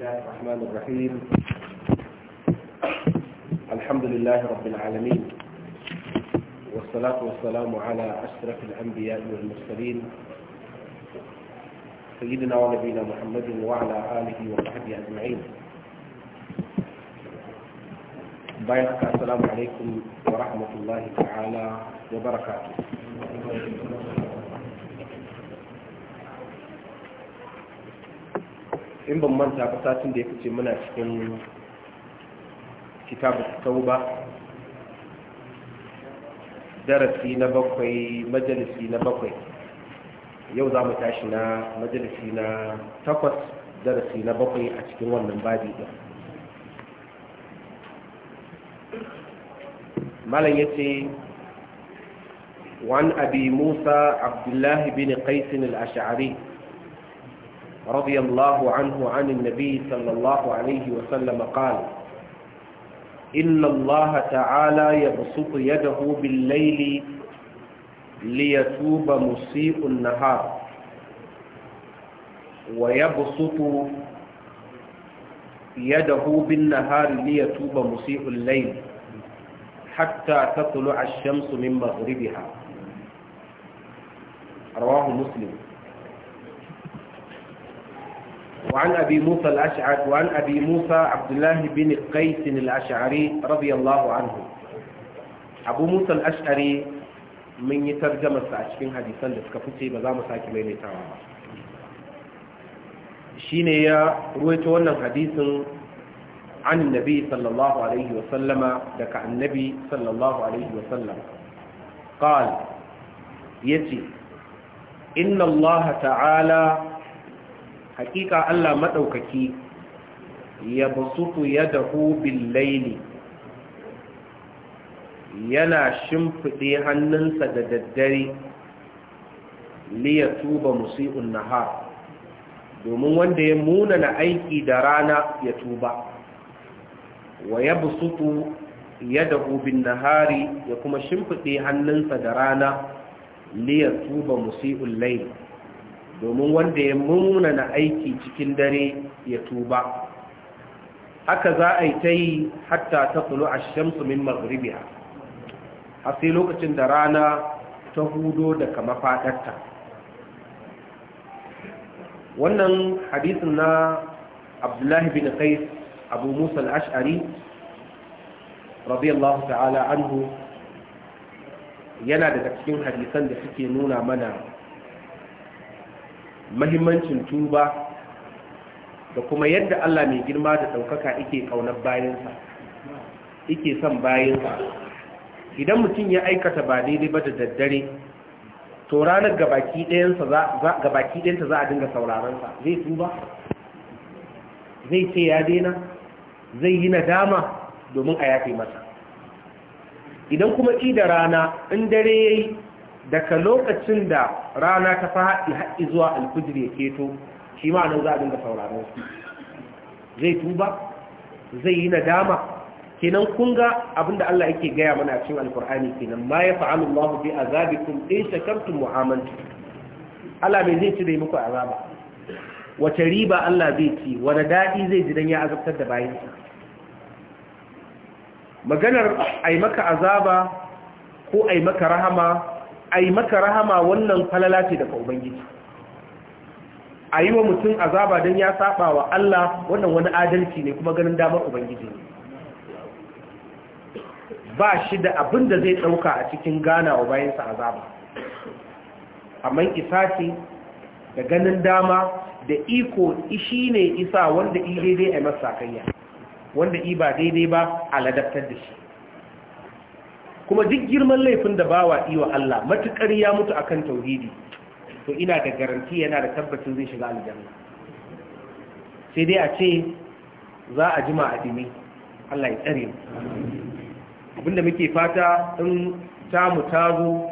الله الرحمن الرحيم الحمد لله رب العالمين والصلاة والسلام على أشرف الأنبياء والمرسلين سيدنا ونبينا محمد وعلى آله وصحبه أجمعين بايعك السلام عليكم ورحمة الله تعالى وبركاته in ban manta ba satin da ya fice muna cikin kitabu ba darasi na bakwai majalisi na bakwai yau za mu tashi na majalisi na takwas darasi na bakwai a cikin wannan babi ɗin malam ya ce wani abi musa abdullahi bin بن al-ash'ari رضي الله عنه عن النبي صلى الله عليه وسلم قال إن الله تعالى يبسط يده بالليل ليتوب مسيء النهار ويبسط يده بالنهار ليتوب مسيء الليل حتى تطلع الشمس من مغربها رواه مسلم وعن أبي موسى الأشعري وعن أبي موسى عبد الله بن قيس الأشعري رضي الله عنه أبو موسى الأشعري من يترجم الساشكين حديثا لسكفتي بزام ساكي ميني تعالى شيني يا رويت ونن حديث عن النبي صلى الله عليه وسلم لك عن النبي صلى الله عليه وسلم قال يتي إن الله تعالى hakika Allah maɗaukaki ya basutu ya dahu billaili yana shimfiɗe hannunsa da daddare liya tuba musi'un nahar domin wanda ya muna na aiki da rana ya tuba wa ya busutu ya dahu bin nahari ya kuma shimfiɗe hannunsa da rana liya tuba musi'un laili domin wanda ya na aiki cikin dare ya tuba haka za a yi ta yi hatta ta tsulu a shamsu min magribiya a sai lokacin da rana ta hudo daga mafaɗarta wannan hadisin na abdullahi bin qais abu musa al-ash'ari radiyallahu ta'ala anhu yana daga cikin hadisan da suke nuna mana mahimmancin tuba da kuma yadda Allah mai girma da ɗaukaka ike ƙaunar bayansa ike son bayansa idan mutum ya aikata ba daidai ba da daddare to ranar gabaki ɗayanta za a dinga saurarensa zai tuba zai ce ya daina zai yi nadama domin a yafe masa idan kuma ƙi da rana in dare ya yi daga lokacin da rana ta faɗi haɗi zuwa alfijir ya keto shi ma nan za a dinga sauraron su zai tuba zai yi nadama kenan kun ga da Allah yake gaya mana cikin alkur'ani kenan ma ya fa'alu Allahu bi azabikum in shakartum wa amantum Allah bai zai dai muku azaba wace riba Allah zai ci wani daɗi zai ji dan ya azabtar da sa maganar ai maka azaba ko ai maka rahama a yi maka rahama wannan falala ce daga ubangiji a yi wa mutum azaba don ya saba wa Allah wannan wani adalci ne kuma ganin damar ubangiji ne ba shi da abin da zai ɗauka a cikin gana wa bayansa azaba amma ce da ganin dama da iko ishi ne isa wanda i daidai a masa kayya wanda i ba daidai ba a ladabtar da shi kuma duk girman laifin da bawa wa Allah matukar ya mutu akan tauhidi to ina da garanti yana da tabbacin zai shiga aljanna sai dai a ce za a jima a dimi Allah ya tsare mu. abinda muke fata in ta mu tazo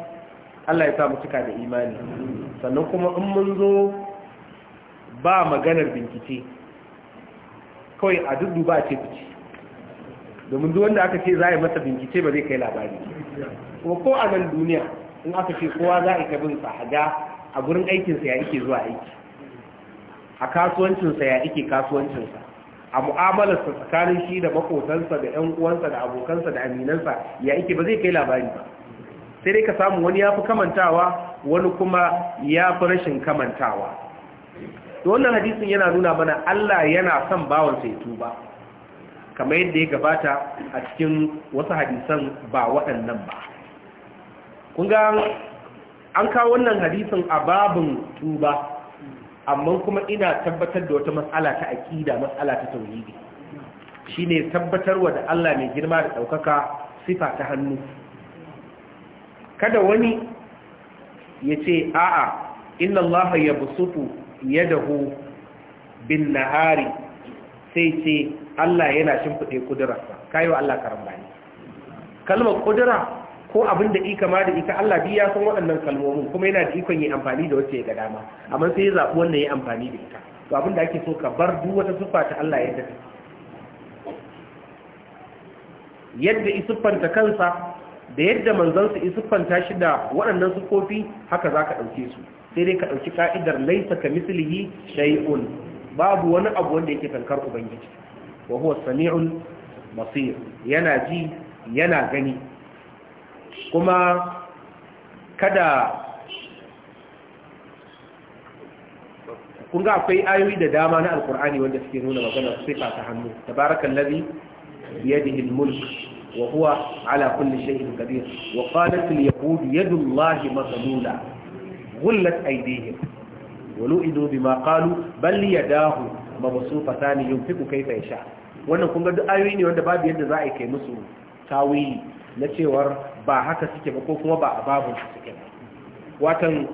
Allah ya sa mu cika da imani sannan kuma in mun zo ba maganar bincike kawai a dudduba a ce fice domin duk wanda aka ce za a yi masa bincike ba zai kai labari kuma ko a nan duniya in aka ce kowa za a yi bin sa a ga a gurin aikinsa ya ike zuwa aiki a kasuwancinsa ya ike kasuwancinsa a mu'amalarsa tsakanin shi da makotansa da ƴan uwansa da abokansa da aminansa ya ike ba zai kai labari ba sai dai ka samu wani ya fi kamantawa wani kuma ya fi rashin kamantawa to wannan hadisin yana nuna mana Allah yana son bawansa ya tuba kamar yadda ya gabata a cikin wasu hadisan ba waɗannan ba kun ga an kawo wannan hadisin a babin tuba amma kuma ina tabbatar da wata matsala ta aƙida matsala ta tauhidi shine tabbatarwa da Allah mai girma da ɗaukaka sifa ta hannu kada wani ya ce a'a inna Allah ya busutu yadahu bin nahari sai ce Allah yana shimfiɗe ƙudurarsa kayo Allah karambani kalmar ƙudura ko abin da ika ma da ika Allah biya san waɗannan kalmomin kuma yana da ikon yi amfani da wacce ya ga dama amma sai ya zaɓi wannan ya amfani da ita to abin da ake so ka bar duk wata siffa ta Allah yadda ta yadda isuffanta kansa da yadda manzansa isiffanta shi da waɗannan sukofi haka za ka ɗauke su sai dai ka ɗauki ka'idar laisa ka mislihi shay'un babu wani abu wanda yake tankar ubangiji wa huwa sami'ul basir yana ji yana gani kuma kada kun ga akwai ayoyi da dama na alkur'ani wanda suke nuna magana sifa ta hannu da biyadihi almulk wa huwa ala kulli shay'in qadir wa qalat alyahud yadullahi maghlula ghullat aydihim walu'idu bima qalu bal yadahu mabsutatani yunfiqu kayfa yasha wannan kun ga duk ayoyi ne wanda babu yadda za a yi kai musu tawili na cewar ba haka suke ba ko kuma ba a babu suke ba watan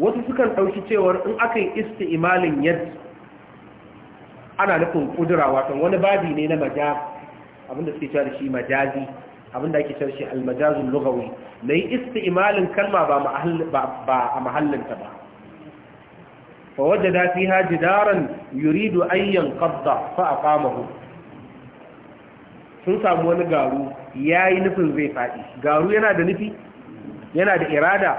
wasu sukan ɗauki cewar in aka yi isti'malin yadda ana nufin kudura watan wani babi ne na majaz abinda suke cewa shi majazi abinda ake cewa shi almajazul lughawi nayi isti'malin kalma ba ba a mahallinta ba فوجد فيها جدارا يريد أن ينقض فأقامه sun samu wani garu ya yi nufin zai faɗi garu yana da nufi yana da irada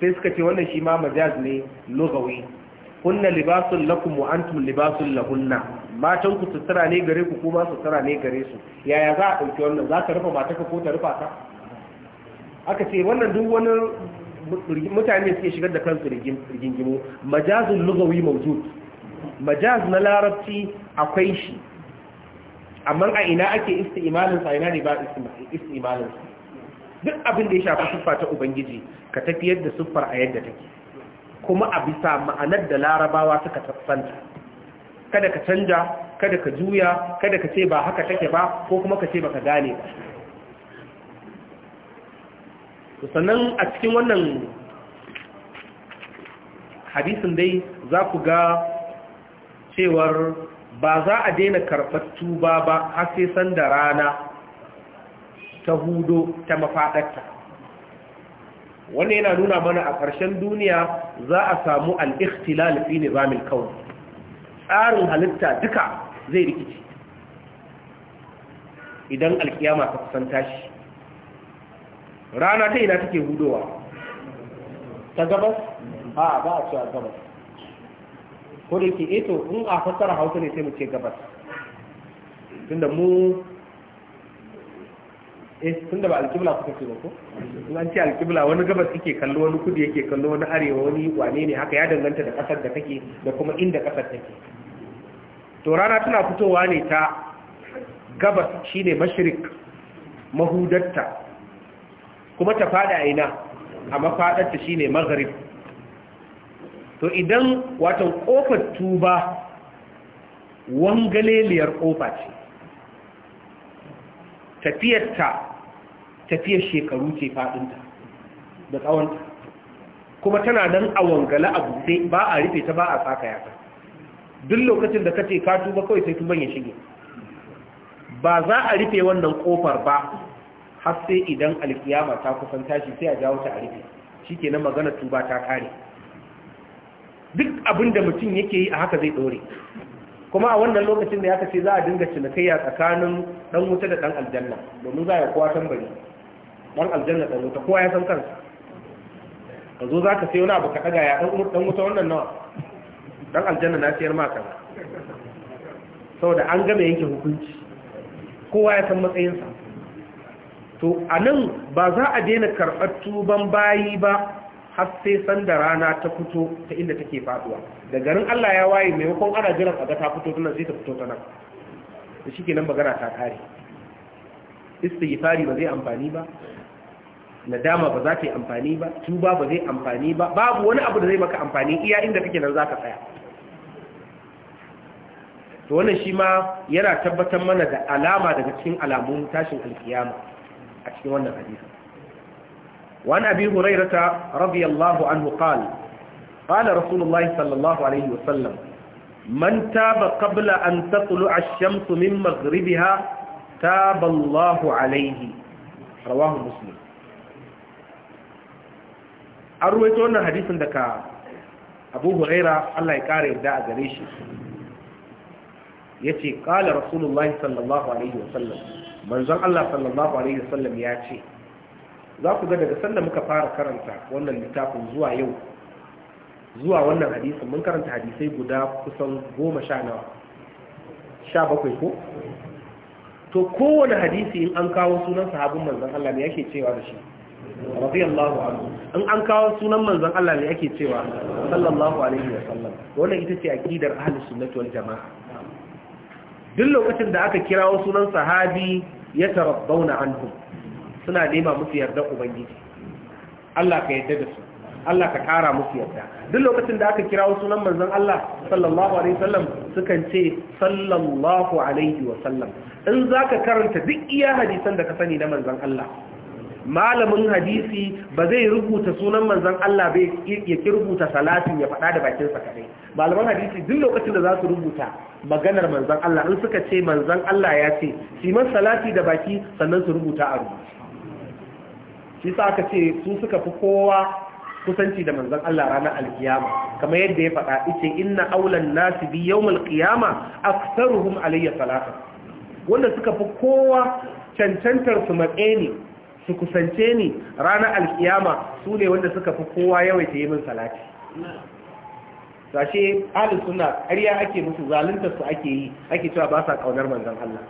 sai suka ce wannan shi ma majaz ne lugawi kunna libasun lakum wa antum libasun lahunna matan ku sutura ne gare ku kuma sutura ne gare su yaya za a ɗauki wannan za ka rufa mataka ko ta rufa ta? aka ce wannan duk wani mutane suke shigar da kansu rigingimu majazin lugawi Maujud. majaz na larabci akwai shi amma a ina ake isti'imalin sa ina ne ba isti'imalin sa duk abin da ya shafi siffa ta ubangiji ka tafiyar da siffar a yadda take kuma a bisa ma'anar da larabawa suka tsaffanta kada ka canja kada ka juya kada ka ce ba haka take ba ko kuma ka ce baka gane ba sannan a cikin wannan hadisin dai za ku ga cewar ba za a daina karɓar tuba ba har sai san da rana ta hudo ta mafaɗarta Wani yana nuna mana a ƙarshen duniya za a samu al'ikhtilal fi nizamin kawai tsarin halitta duka zai rikici idan alƙiyama ta kusanta tashi rana ta ina take hudowa ta gabas a ba a cewa gabas ko da yake eto eh in a fassara hausa ne sai mu ce gabas tunda mu eh tunda ba alkibla kuka ce ba ko in an ce alkibla wani gabas yake kallo wani kudu yake kallo wani arewa wani wane ne haka ya danganta da kasar da kake da kuma inda kasar take to rana tana fitowa ne ta gabas shine mashrik mahudatta kuma ta fada a ina a mafadarta ne magharib to idan watan kofar tuba wangaleliyar kofa ce tafiyarta tafiyar shekaru ce fadinta da tsawonta kuma tana nan a wangala a buɗe ba a rufe ta ba a tsakaya ta duk lokacin da ka ce ka tuba kawai sai tuban ya shige ba za a rufe wannan kofar ba har sai idan alkiyama ta kusan tashi sai a jawo ta a rufe shi ke na magana tuba ta kare duk abin da mutum yake yi a haka zai ɗore. kuma a wannan lokacin da ya kashe za a dinga cinikayya tsakanin ɗan wuta da ɗan aljanna domin za yi kowa tambari ɗan aljanna ɗan wuta kowa ya san kansa ka zo za ka sai wani abu ka ɗaga ya ɗan wuta wannan nawa ɗan aljanna na siyar maka saboda an game yanke hukunci kowa ya san matsayinsa to a nan ba za a daina karɓar tuban bayi ba har sai sanda rana ta fito ta inda take faduwa da garin Allah ya waye maimakon ana jiran a ga ta fito tunan sai ta fito ta nan da shi nan magana ta kare istighfari ba zai amfani ba nadama ba za ta yi amfani ba tuba ba zai amfani ba babu wani abu da zai maka amfani iya inda kake nan zaka tsaya to wannan shi ma yana tabbatar mana da alama daga cikin alamun tashin alkiyama cikin wannan hadisi wani abin hurairu ta radiyallahu anhu qal qala rasulullahi sallallahu alaihi wasallam man taba qabla an tatlu ash-shams min maghribiha taba Allahu alaihi rawahu muslim arwayto wannan hadisin daga abu hurairu Allah ya kare da a gare shi yace kala rasulullahi sallallahu alaihi wasallam manzon Allah sallallahu alaihi wasallam ya ce za ku ga daga sanda muka fara karanta wannan littafin zuwa yau zuwa wannan hadisin mun karanta hadisai guda kusan goma sha nawa sha bakwai ko to kowane hadisi in an kawo sunan sahabin manzon Allah ne yake cewa da shi radiyallahu anhu in an kawo sunan manzon Allah ne yake cewa sallallahu alaihi wa sallam wannan ita ce aqidar ahlus sunnah wal jamaa duk lokacin da aka kirawo sunan sahabi Ya yatarabbauna anhum suna nema musu yarda ubangiji Allah ka yarda da su Allah ka kara musu yarda duk lokacin da aka kira wasu nan, manzon Allah sallallahu alaihi wasallam sukan ce sallallahu alaihi wasallam in zaka karanta duk iya hadisan da ka sani na manzon Allah malamin hadisi ba zai rubuta sunan manzon Allah ba ya ki rubuta salatin ya faɗa da bakin sa kadai malaman hadisi duk lokacin da za su rubuta maganar manzon Allah in suka ce manzon Allah ya ce shi man salati da baki sannan su rubuta a rubuta shi sa aka ce su suka fi kowa kusanci da manzon Allah ranar alkiyama kamar yadda ya faɗa ice inna aulan nasi bi yawmul qiyama aktharuhum alayya salatan wanda suka fi kowa cancantar su matsayi su kusance ni ranar alkiyama su ne wanda suka fi kowa yawaita yi min salati sashe halin suna ƙarya ake musu zalunta su ake yi ake cewa ba sa ƙaunar manzan Allah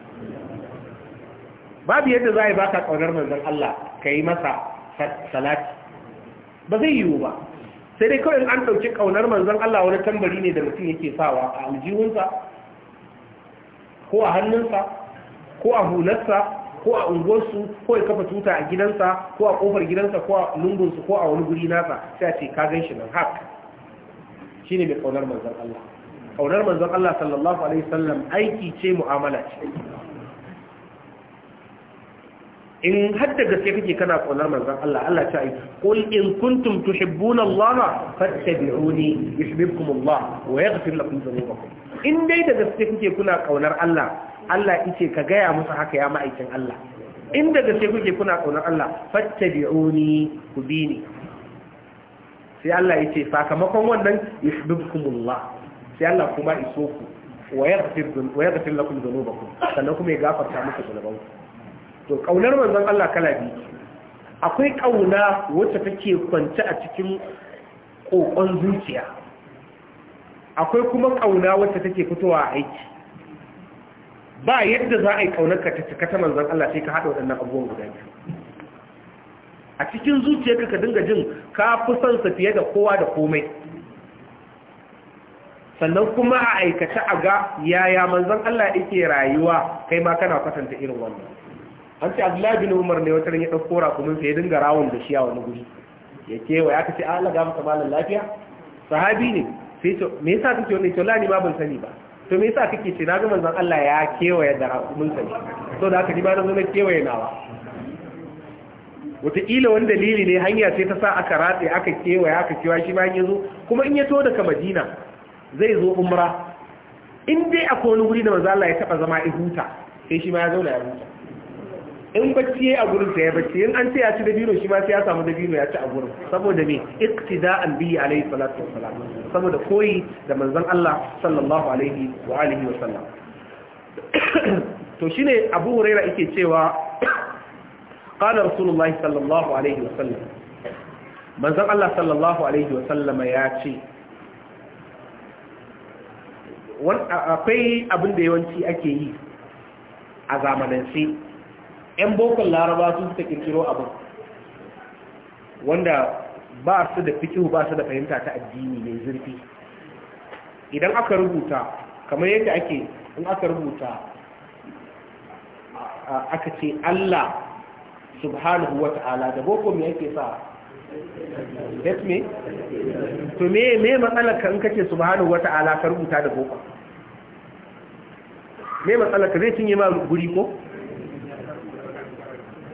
babu yadda za a yi ba ka ƙaunar manzan Allah ka yi masa salati ba zai yiwu ba sai dai kawai an ɗauki ƙaunar manzan Allah wani tambari ne da mutum yake sawa a aljihunsa ko a hannunsa ko a hularsa ko a unguwarsu ko ya kafa tuta a gidansa ko a kofar gidansa ko a lungunsu ko a wani guri nasa sai a ce ka gan shi nan hak shi ne mai ƙaunar manzan Allah ƙaunar manzan Allah sallallahu alaihi sallam aiki ce mu'amala ce in hadda gaske kake kana ƙaunar manzan Allah Allah ta aiki qul in kuntum tuhibbuna Allah fattabi'uni yuhibbukum Allah wa yaghfir lakum dhunubakum in dai da gaske kuke kuna ƙaunar Allah Allah ice ka gaya musu haka ya ma'aikin Allah in daga sai kuke kuna ƙaunar Allah fattabi'uni ku bi ni sai Allah yace sakamakon wannan yuhibbukumullah sai Allah kuma iso ku wa yaghfir lakum dhunubakum sannan kuma ya gafarta muku zunubanku to kaunar manzon Allah kala biyu akwai kauna wacce take kwance a cikin kokon zuciya akwai kuma kauna wacce take fitowa a aiki ba yadda za a yi kaunarka ta cika ta manzan Allah sai ka haɗa waɗannan abubuwan guda biyu a cikin zuciyarka ka dinga jin ka fi son sa fiye da kowa da komai sannan kuma a aikace a ga yaya manzan Allah yake rayuwa kai ma kana kwatanta irin wannan an ce Abdullahi bin Umar ne wata ya ɗauko rakumin sa ya dinga rawun da shi a wani guri ya kewa ah, ya kace Allah ga maka malam lafiya sahabi ne sai to me yasa kake wannan to lani ma ban sani ba to me yasa kake ce na ga manzon Allah ya kewaye da mun sai to da aka ni ba na kewaye nawa wataƙila wani dalili ne hanya sai ta sa aka ratse aka kewaye aka kewa shi bayan ya zo kuma in ya to daga madina zai zo umra in dai akwai wani wuri da manzon Allah ya taba zama ihuta sai shi ma ya zauna ya huta in bacci ya a gurin sai ya bacci in an ce ya ci dabino shi ma sai ya samu dabino ya ci a gurin saboda me an bihi alayhi salatu wassalam saboda koyi da manzon Allah sallallahu alaihi wa alihi wasallam to shine Abu Huraira yake cewa qala Rasulullah sallallahu alaihi wasallam manzon Allah sallallahu alaihi wasallam ya ce akwai abin da yawanci ake yi a zamanin sai 'yan bokon laraba sun suka kirkiro abin wanda ba su da fikihu ba su da fahimta ta addini mai zurfi idan aka rubuta kamar yadda ake in aka rubuta aka ce Allah subhanahu wa ta'ala da boko mai yake sa yes me to me me matsalar ka in kace subhanahu wa ta'ala ka rubuta da boko me matsalar ka zai cinye ma guri ko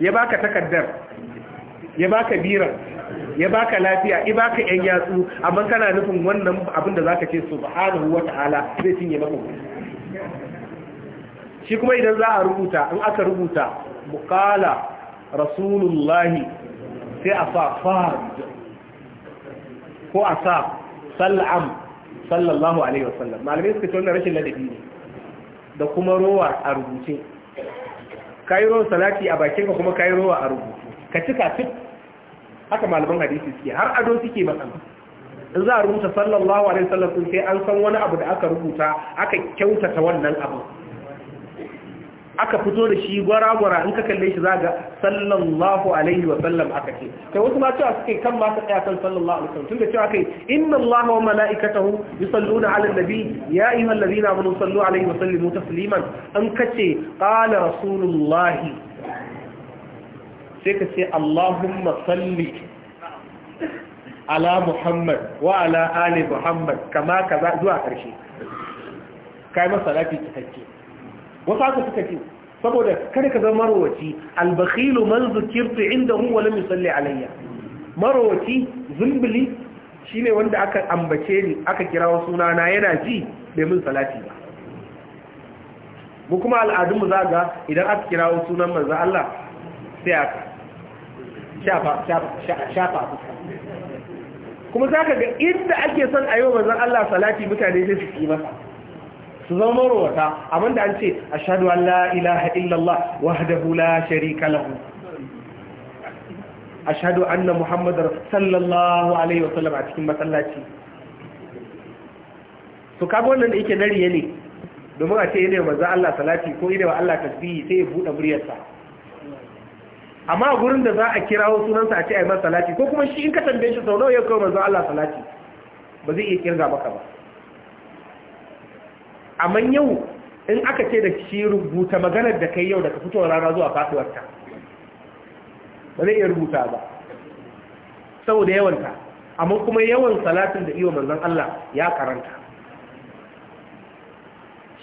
ya baka takaddar ya baka biran ya baka lafiya ya baka yan yatsu amma kana nufin wannan abin da zaka ce subhanahu wata'ala zai cinye maka shi kuma idan za a rubuta in aka rubuta muqala rasulullahi sai a sa fard ko a sa sallam sallallahu alaihi wasallam malamai suka ce wannan rashin ladabi ne da kuma rowa a rubuce kairo salati a bakin ka kuma kairo a rubutu ka cika fit haka malaman hadisi suke har ado suke matsala in za a rubuta sallallahu alaihi wasallam sai an san wani abu da aka rubuta aka kyautata wannan abu aka fito da shi gwara-gwara in ka kalle shi zaga sallallahu alaihi wa sallam aka ce kai wasu ma cewa suke kan ma ka tsaya kan sallallahu alaihi wa sallam tunda cewa kai inna Allah wa mala'ikatahu yusalluna 'alan nabi ya ayyuhal ladina amanu sallu alaihi wa sallimu tasliman an ka ce qala rasulullahi sai ka ce Allahumma salli ala Muhammad wa ala ali Muhammad kama kaza zuwa karshe kai masa lafi cikakke wasu aka suka ce saboda kada ka zama marowaci albakhilu man inda indahu wa lam yusalli alayya marowaci zumbili shine wanda aka ambace ni aka kirawo suna na yana ji bai min salati ba mu kuma al'adun mu zaga idan aka kirawo sunan manzo Allah sai aka shafa shafa kuma zaka ga inda ake son ayo manzo Allah salati mutane sai su yi masa su zama marowata abinda an ce a ashhadu an la ilaha illallah wahdahu la sharika lahu an na muhammadar sallallahu alaihi wasallam a cikin matsalaci, su kaga wannan da yake ya ne domin a ce yana maza Allah salati ko ne wa Allah tasbihi sai ya buɗe muryarsa amma a gurin da za a kirawo sunansa a ce yi masa salati ko kuma shi in ka tambaye shi sau nawa ya kawo maza Allah salati ba zai iya kirga maka ba amma yau in aka ce da shi rubuta maganar da kai yau daga fitowar rana zuwa faduwarta ba zai iya rubuta ba saboda yawanta amma kuma yawan salatin da iyo manzon Allah ya karanta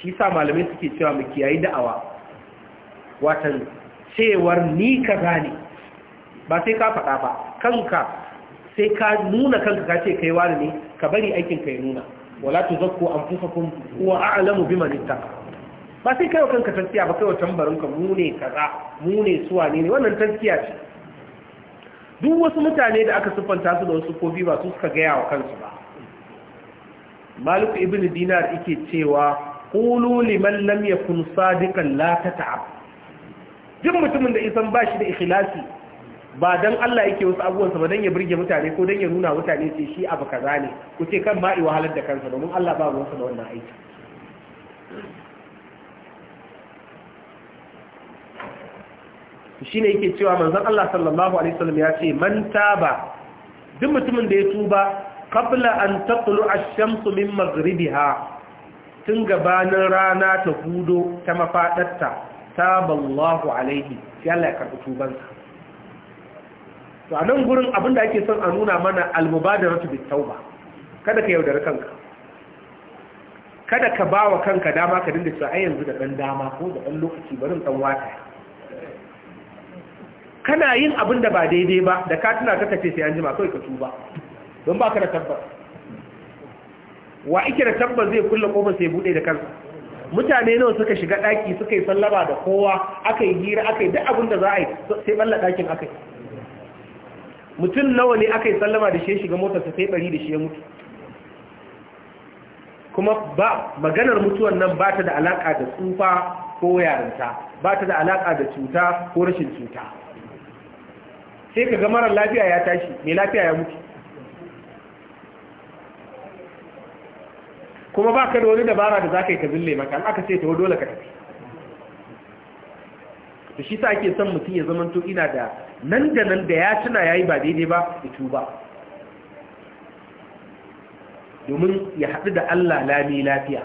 shi sa malamai suke cewa mu kiyayi da'awa watan cewar ni kaza ne ba sai ka faɗa ba kanka sai ka nuna kanka ka ce kai wani ne ka bari aikin ka ya nuna wala tuzakku anfusakum huwa a'lamu biman ittaqa ba sai kai kanka tantiya ba kai wa tambarin ka mu ne kaza mu ne suwa ne ne wannan tantiya ce duk wasu mutane da aka siffanta su da wasu kofi ba su suka gaya wa kansu ba maliku ibnu dinar yake cewa qulu liman lam yakun sadiqan la tata'ab duk mutumin da isan bashi da ikhlasi ba don Allah yake wasu abubuwansa ba don ya birge mutane ko don ya nuna mutane ce shi abu kaza ne ku ce kan ma'i wahalar da kansa domin Allah ba ruwansa da wannan aiki shi ne yake cewa manzan Allah sallallahu Alaihi wasallam ya ce man taba duk mutumin da ya tuba kabla an taɓulu a shamsu min magribiha tun gabanin rana ta hudo ta mafaɗarta taballahu alaihi sai Allah ya karɓi tubansa to a nan gurin abin da ake son a nuna mana su bi tauba kada ka yaudari kanka kada ka ba wa kanka dama ka dinda cewa yanzu da dan dama ko da dan lokaci barin in dan wata kana yin abin da ba daidai ba da ka tuna ka kace sai an jima kai ka tuba don ka da tabbas wa ike da tabbas zai kulle kofar sai bude da kansa mutane nawa suka shiga daki suka yi sallaba da kowa aka yi hira aka yi duk abin da za a yi sai balla dakin aka yi mutum nawa ne aka yi sallama da shi shiga motarsa sai ɓari da shi ya mutu kuma ba maganar mutuwan nan ba ta da alaƙa da tsufa ko yarinta ba ta da alaƙa da cuta ko rashin cuta sai ka ga marar lafiya ya tashi mai lafiya ya mutu kuma ba ka da wani dabara da za ka yi ka zille maka aka ce ta wadola ka tafi to shi sa ake son mutum ya zamanto ina da nan da nan da ya tuna yayi ba daidai ba ya tuba domin ya haɗu da Allah lami lafiya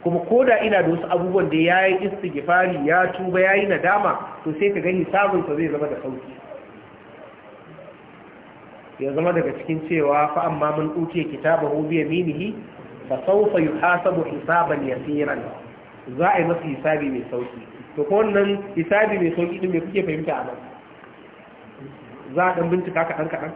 kuma da ina da wasu abubuwan da ya yayi istighfari ya tuba yayi nadama to sai ka gani hisabin zai zama da sauki ya zama daga cikin cewa fa amma mun uke kitabahu bi yaminihi fa sawfa yuhasabu hisaban yasiran za a yi masa hisabi mai sauki to ko wannan isabi mai sauki din me kuke fahimta a nan za a dan bincika kaɗan kaɗan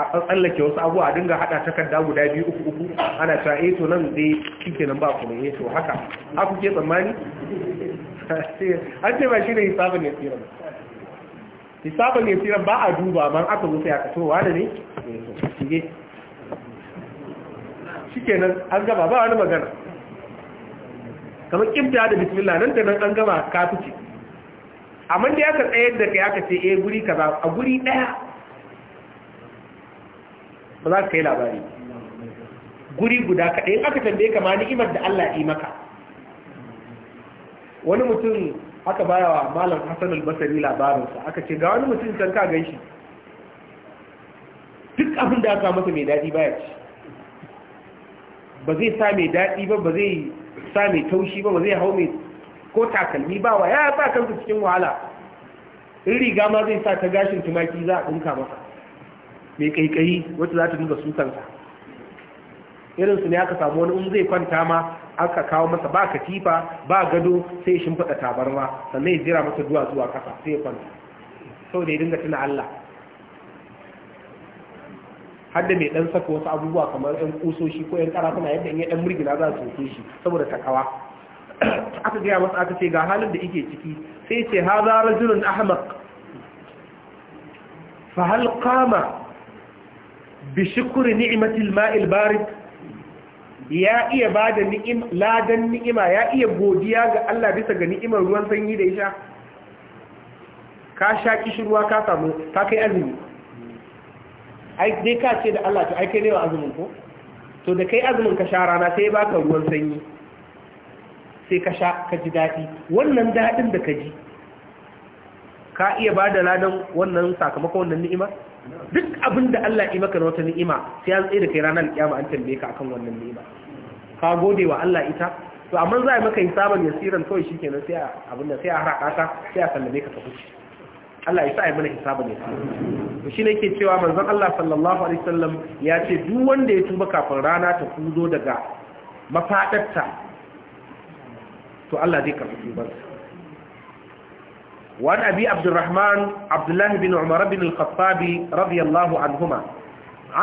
a tsallake wasu abu a dinga hada takarda guda biyu uku uku ana ta eh to nan dai kike nan ba ne eh to haka a kuke tsammani an ce ba shi ne hisabin ya tsira hisabin ya tsira ba a duba man aka zo sai aka to wani ne eh, shige nan an gaba ba wani magana kamar kimta da bismillah nan da nan an gama ka fice amma da aka tsayar da kai aka ce eh guri kaza a guri daya ba za ka kai labari guri guda kaɗai in aka tambaye ka ma ni'imar da Allah yi maka wani mutum aka baya wa malam Hassan al-Basri labarinsa aka ce ga wani mutum can ka ganshi duk abin da aka masa mai daɗi baya ci ba zai sa mai daɗi ba ba zai sa mai taushi ba ba zai hau mai ko takalmi ba wa ya sa kansa cikin wahala in riga ma zai sa ta gashin tumaki za a ɗinka masa mai ƙaiƙayi wata za ta dinga sukansa irin su ne aka samu wani in zai kwanta ma aka kawo masa ba katifa ba gado sai shimfiɗa tabarma sannan ya jira masa duwatsu a ƙasa sai ya kwanta sau da ya dinga tuna Allah Hadda mai dan saka wasu abubuwa kamar yan kusoshi ko yan suna yadda in yi ɗan murgina za su soke shi saboda takawa aka gaya masa aka ce ga halin da ike ciki sai ce haza jirin ahmad fa hal qama bi shukri ni'mati mail ya iya ba da ladan ni'ima ya iya godiya ga Allah bisa ga ni'imar ruwan sanyi da isha ka sha ruwa ka samu ta kai azumi ai dai ka ce da Allah to ai kai ne wa azumin ko to da kai azumin ka sha rana sai baka ruwan sanyi sai ka sha ka ji dadi wannan dadin da ka ji ka iya ba da ladan wannan sakamakon wannan ni'ima duk abin da Allah ya maka na wata ni'ima sai an tsaye da kai ranar kiyama an tambaye ka akan wannan ni'ima ka gode wa Allah ita to amma za a maka hisaban yasiran kawai shikenan sai a abin da sai a haraka ka sai a sallame ka ta huce Allah ya sa ya mana hisaban yasiran to shi ne ke cewa manzon Allah sallallahu Alaihi wasallam ya ce duk wanda ya tuba kafin rana ta kuzo daga mafaɗarta to Allah zai karfi tubarsa wani abi abdurrahman abdullahi bin umar bin al-khattabi radiyallahu anhuma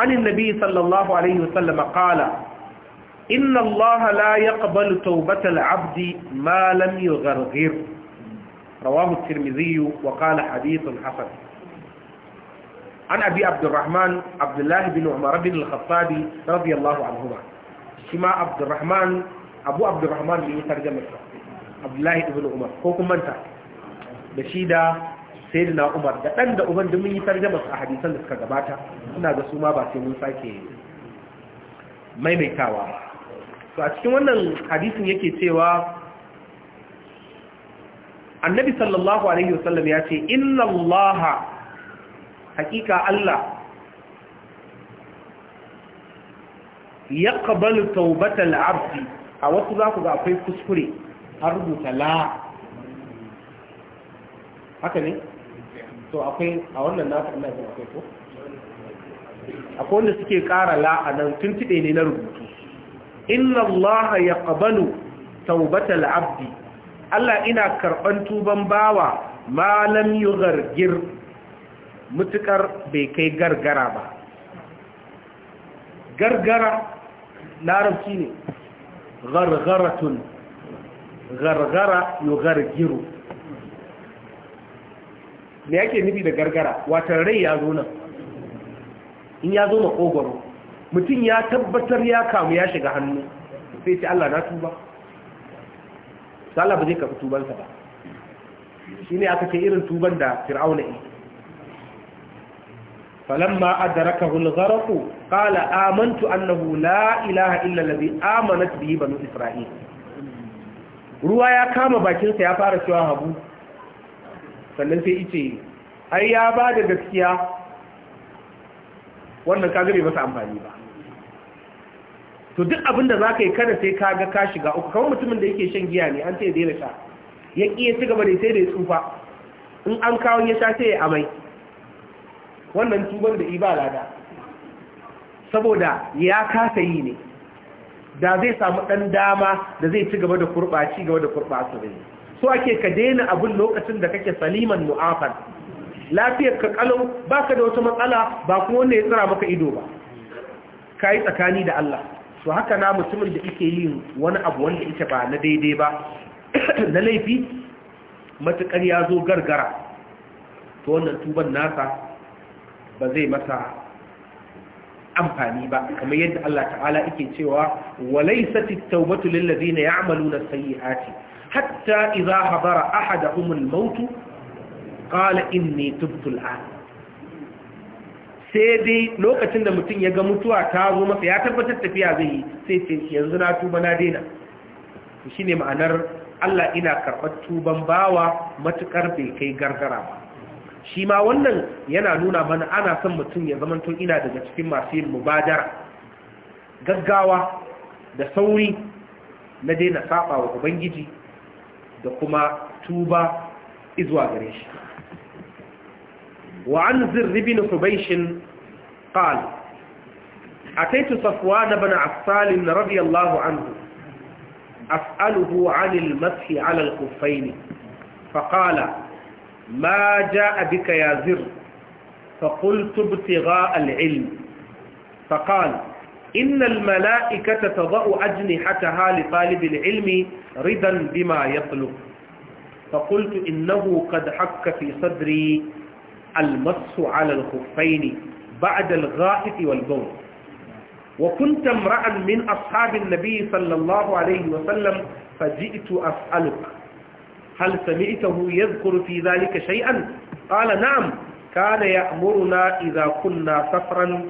anin nabi sallallahu alaihi wasallam qala inna allaha la yaqbalu tawbata al-abdi malami lam yughargir rawahu at-tirmidhi wa qala hadithun hasan an abi abdurrahman abdullahi bin umar bin al-khattabi radiyallahu anhu shi ma abdurrahman abu abdurrahman ne ya tarjama abdullahi ibn umar ko kun manta da sayyidina umar da dan da uban da mun yi tarjama a hadisan da suka gabata ina ga su ma ba sai mun sake maimaitawa to a cikin wannan hadisin yake cewa annabi sallallahu alaihi wasallam ya ce inna hakika Allah ya kabalu taubatal abdi a wasu za ku ga akwai kuskure an rubuta la haka ne? to akwai a wannan na ina laifin akwai ko? akwai wanda suke ƙara la a nan tun tiɗe ne na rubutu inna Allah ya kabalu taubatal abdi Allah ina karɓan tuban bawa ma lam yi gargir mutukar bai kai gargara ba gargara larabci ne gargaratun gargara yo gargiru me yake nufi da gargara watan rai ya zo nan in ya zo makogoro mutum ya tabbatar ya kamu ya shiga hannu sai ce Allah na tuba sai Allah ba zai kafa tubansa ba shi ne aka ce irin tuban da fir'auna yi فلما أدركه الغرق قال آمنت أنه لا إله إلا الذي آمنت به بنو إسرائيل ruwa ya kama bakinsa ya fara cewa habu sannan sai ice ai ya ba gaskiya wannan kaga bai masa amfani ba to duk abin da za ka yi kada sai ka ga ka shiga uku kawai mutumin da yake shan giya ne an sai daina sha ya ƙiye ci gaba da sai da ya tsufa in an kawo ya sha sai ya amai wannan tuban da iba lada saboda ya kasa yi ne da zai samu ɗan dama da zai ci gaba da ci gaba da su ne so ake ka daina abin lokacin da kake saliman mu'afar lafiyar ka kalau ba ka da wata matsala ba kuma wanda ya tsira maka ido ba ka yi tsakani da Allah to haka na mutumin da ike yin wani abu wanda ita ba na daidai ba na laifi matuƙar ya zo gargara to wannan tuban nasa ba zai masa amfani ba kamar yadda Allah ta'ala yake cewa walaysatit tawbatu lil ladina ya'maluna sayyi'ati hatta idha hadara ahaduhum al maut qala inni tubtu al an sai dai lokacin da mutum ya ga mutuwa ta zo masa ya tabbatar tafiya zai yi sai ce yanzu na tuba na daina shine ma'anar Allah ina karɓar tuban bawa matukar bai kai gargara ba shi ma wannan yana nuna mana ana son mutum ya zama ina daga cikin masu yin mubadara gaggawa da sauri na daina saba wa ubangiji da kuma tuba izuwa gare shi wa an zirribin hubaishin qal ataitu safwan ibn affal radiyallahu anhu as'aluhu 'anil mashi 'ala al-khuffayn فقال ما جاء بك يا زر فقلت ابتغاء العلم فقال إن الملائكة تضع أجنحتها لطالب العلم رضا بما يطلب فقلت إنه قد حك في صدري المس على الخفين بعد الغائط والبول وكنت امرأ من أصحاب النبي صلى الله عليه وسلم فجئت أسألك هل سمعته يذكر في ذلك شيئا قال نعم كان يأمرنا إذا كنا سفرا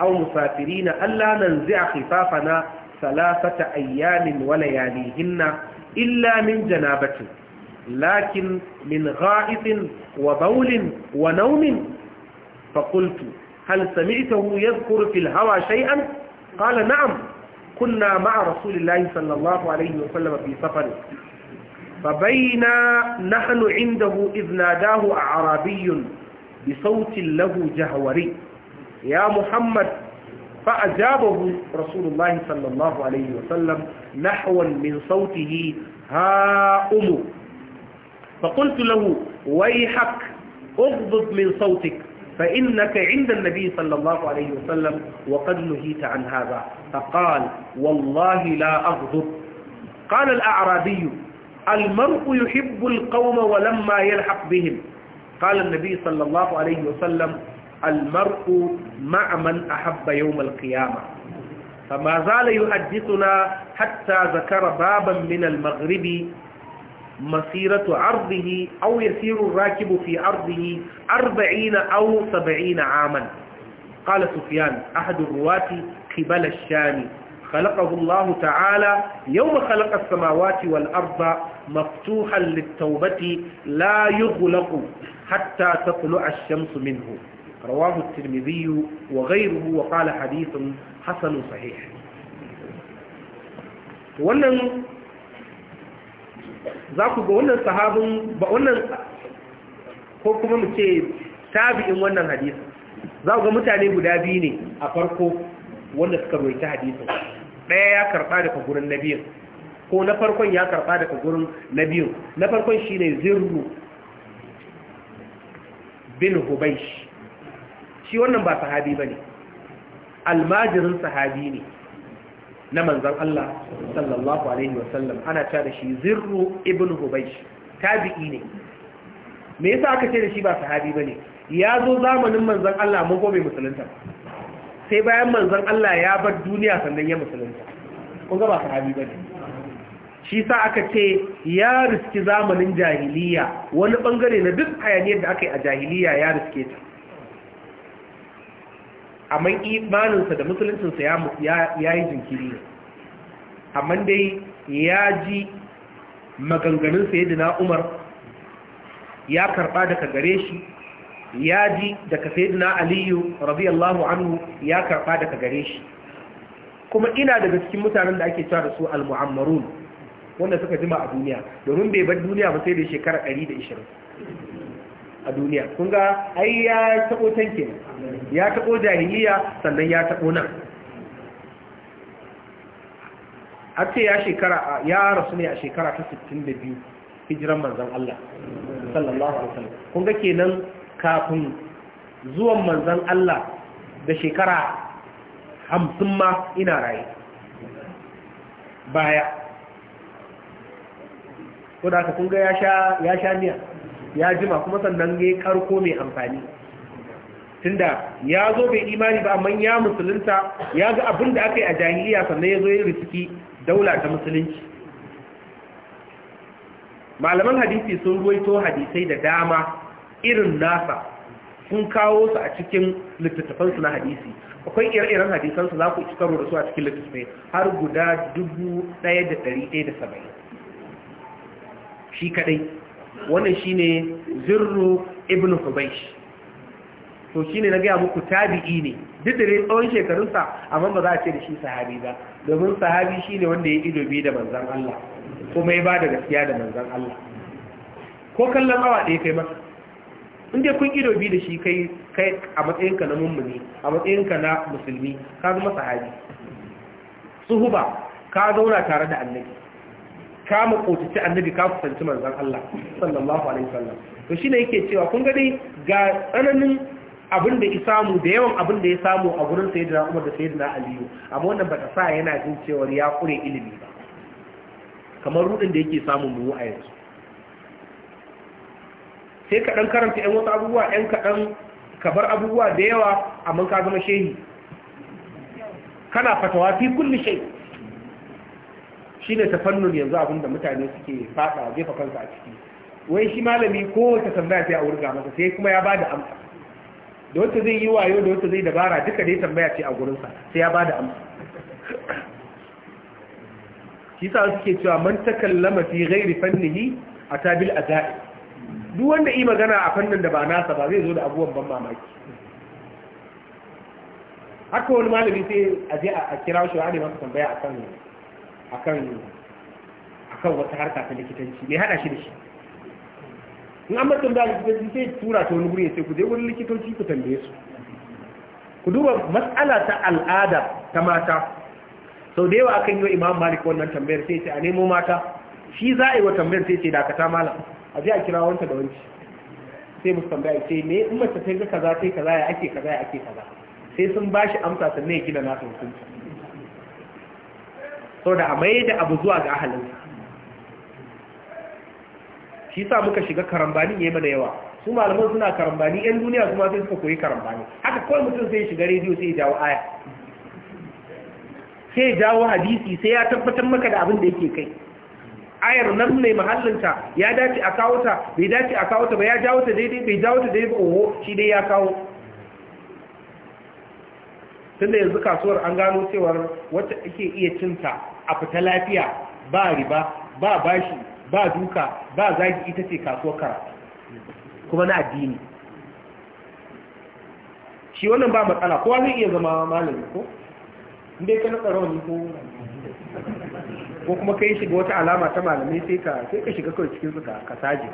أو مسافرين ألا ننزع خفافنا ثلاثة أيام ولياليهن إلا من جنابة لكن من غائط وبول ونوم فقلت هل سمعته يذكر في الهوى شيئا قال نعم كنا مع رسول الله صلى الله عليه وسلم في سفر فبينا نحن عنده إذ ناداه أعرابي بصوت له جهوري يا محمد فأجابه رسول الله صلى الله عليه وسلم نحوا من صوته هاؤم فقلت له ويحك اغضب من صوتك فإنك عند النبي صلى الله عليه وسلم وقد نهيت عن هذا فقال والله لا أغضب قال الأعرابي المرء يحب القوم ولما يلحق بهم قال النبي صلى الله عليه وسلم المرء مع من أحب يوم القيامة فما زال يحدثنا حتى ذكر بابا من المغرب مسيرة عرضه أو يسير الراكب في عرضه أربعين أو سبعين عاما قال سفيان أحد الرواة قبل الشام خلقه الله تعالى يوم خلق السماوات والأرض مفتوحا للتوبة لا يغلق حتى تطلع الشمس منه رواه الترمذي وغيره وقال حديث حسن صحيح wannan za ku ga wannan sahabin ba wannan ko kuma mu ce tabi'in wannan hadisi za ku ga mutane guda biyu ne a farko wanda suka roita hadisin ɗaya ya karɓa daga gurin na biyun ko na farkon ya karɓa daga gurin na biyun na farkon shi ne zirru bin Hubaishi. shi wannan ba sahabi ba ne almajirin sahabi ne na manzan Allah sallallahu Alaihi wasallam ana ca da shi zirru ibn ta tabi'i ne me yasa aka ce da shi ba sahabi ba ne ya zo zamanin manzan Allah mun gome musulunta sai bayan manzan Allah ya bar duniya sannan ya musulunta kun ba sahabi bane shi sa aka ce ya riski zamanin jahiliya wani bangare na duk hayaniyar da aka yi a jahiliya ya riske ta amma imaninsa da musuluncinsa ya yi jinkiri amma dai ya ji maganganunsa yadda na umar ya karba daga gare shi ya ji daga sayyidina aliyu radiyallahu anhu ya karba daga gare shi kuma ina daga cikin mutanen da ake cewa da su al-mu'ammarun wanda suka jima a duniya domin bai bar duniya ba sai da shekara 120 a duniya kun ga ai ya tabo tanke ya tabo jahiliya sannan ya tabo nan a ce ya shekara ya rasu ne a shekara ta 62 hijiran manzon Allah sallallahu alaihi wasallam kun ga kenan kafin zuwan manzan Allah da shekara hamsin ma ina raye baya ko da aka kunga ya sha miya ya jima kuma sannan ya karko mai amfani tunda ya zo bai imani ba amma ya musulunta ya ga abin da aka yi a jahiliya sannan ya zo yin riski daula ta musulunci malaman hadisi sun ruwaito hadisai da dama irin nasa sun kawo su a cikin littattafansu na hadisi akwai ire-iren hadisansu za ku karo da su a cikin littattafai har guda 1,170 shi kadai wannan shi ne zirru ibn hubaish to shi ne na gaya muku tabi'i ne duk da tsawon shekarunsa amma ba za a ce da shi sahabi ba domin sahabi shi ne wanda ya ido biyu da manzan Allah kuma ya ba da gaskiya da manzan Allah ko kallon awa ɗaya kai masa in dai kun ido bi da shi kai kai a matsayinka na mummuni a matsayinka na musulmi ka zama sahabi suhuba ka zauna tare da annabi ka makotaci annabi ka kusanci manzon Allah sallallahu alaihi wasallam to shine yake cewa kun ga dai ga tsananin abin da ya samu da yawan abin da ya samu a gurin sayyidina Umar da sayyidina Aliyu amma wannan bata sa yana jin cewa ya kure ilimi ba kamar rudin da yake samun mu a yanzu sai ka karanta yan wasu abubuwa yan kaɗan ka bar abubuwa da yawa a manka zama shehi kana fatawa fi kulli ne ta fannun yanzu abinda mutane suke zai fa kansa a ciki wai shi malami ko ta tambaya ce a wurga masa sai kuma ya ba da amsa da wata zai yi wayo da wata zai dabara duka dai tambaya ce a gurinsa sai ya ba da amsa shi sa suke cewa man takallama fi a fannihi a azai duk wanda yi magana a fannin da ba nasa ba zai zo da abubuwan ban mamaki haka wani malami sai a je a kira shi wani masu tambaya akan kan wata harka ta likitanci Mai hada shi da shi in an masa da likitanci sai tura ta wani guri ya sai ku je wani likitanci ku tambaye su ku duba mas'ala ta al'ada ta mata sau da yawa akan yi wa imam malik wannan tambayar sai ce a nemo mata shi za a yi wa tambayar sai ce dakata malam a ji a kira wanta da wanci sai musu tambaya ce me in mace ta ga kaza sai kaza ya ake kaza ya ake kaza sai sun ba shi amsa sannan ne gina nasa hukunci sau da a mai da abu zuwa ga ahalinsa shi sa muka shiga karambani ya yi mana yawa su malaman suna karambani yan duniya kuma sai suka koyi karambani haka kawai mutum sai shiga rediyo sai ya jawo aya sai ya jawo hadisi sai ya tabbatar maka da abin da yake kai ayar nan ne mahallinta ya dace a kawo ta bai dace a kawo ta ba ya jawo ta daidai bai jawo ta daidai ba oho shi dai ya kawo tunda yanzu kasuwar an gano cewar wacce ake iya cinta a fita lafiya ba riba ba bashi ba duka ba zagi ita ce kasuwar kara kuma na addini shi wannan ba matsala kowa zai iya zama malami ko inda ya kana tsaro ne ko ko kuma kai shiga wata alama ta malamai sai ka sai ka shiga kawai cikin su ka saje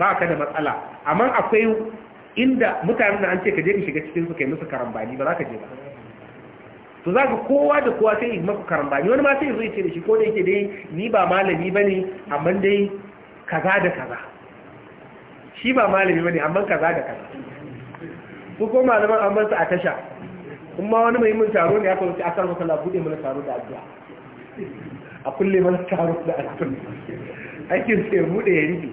ba ka da matsala amma akwai inda mutanen da an ce ka je ka shiga cikin su kai musu karambani ba za ka je ba to za ka kowa da kowa sai yi maka karambani wani ma sai zai ce da shi ko da yake dai ni ba malami ba ne amma dai kaza da kaza shi ba malami ba ne amma kaza da kaza su ko malaman an su a tasha kuma wani mai mun taro ne aka wuce a kan masala buɗe mana taro da addu'a a kulle mana taro da alfin aikin sai mu ya rufe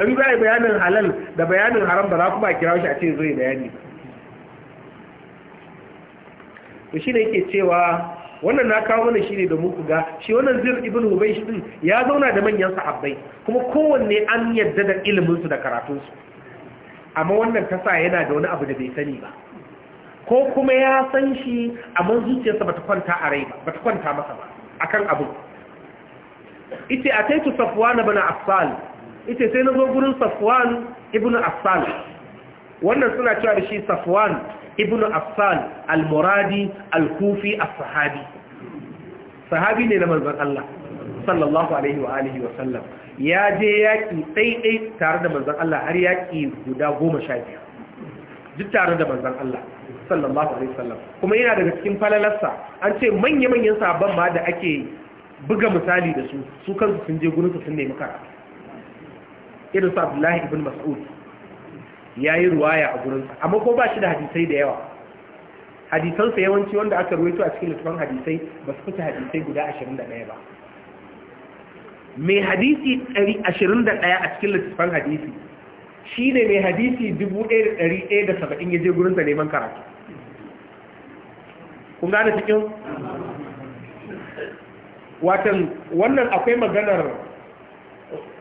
in za a yi bayanin halal da bayanin haram ba za ku ba kira shi a ce zai bayani to shi ne yake cewa wannan na kawo mana shi ne domin ku ga shi wannan zir ibn hubaish din ya zauna da manyan sahabbai kuma kowanne an yarda da iliminsu da karatunsu amma wannan kasa yana da wani abu da bai sani ba ko kuma ya san shi amma zuciyarsa bata kwanta a rai ba bata kwanta masa ba akan abu ite ataitu safwan ibn affal ite sai nazo gurin safwan ibn affal wannan suna cewa da shi safwan ibn affal al-muradi al-kufi as-sahabi sahabi ne na manzon Allah sallallahu alaihi wa alihi wa sallam ya je yaki daidai tare da manzon Allah har yaki guda 15 duk tare da manzon Allah sallallahu alaihi wasallam kuma yana daga cikin falalarsa an ce manya-manyan sabon ma da ake buga misali da su su kansu sun je gurin su sun nemi karatu irin su Abdullahi ibn Mas'ud ya yi ruwaya a gurin amma ko ba shi da hadisai da yawa hadisansa yawanci wanda aka ruwaito a cikin littafin hadisai ba su fita hadisai guda 21 ba mai hadisi 121 a cikin littafin hadisi shi ne mai hadisi 1170 ya je gurinsa neman karatu kun gane cikin watan wannan akwai maganar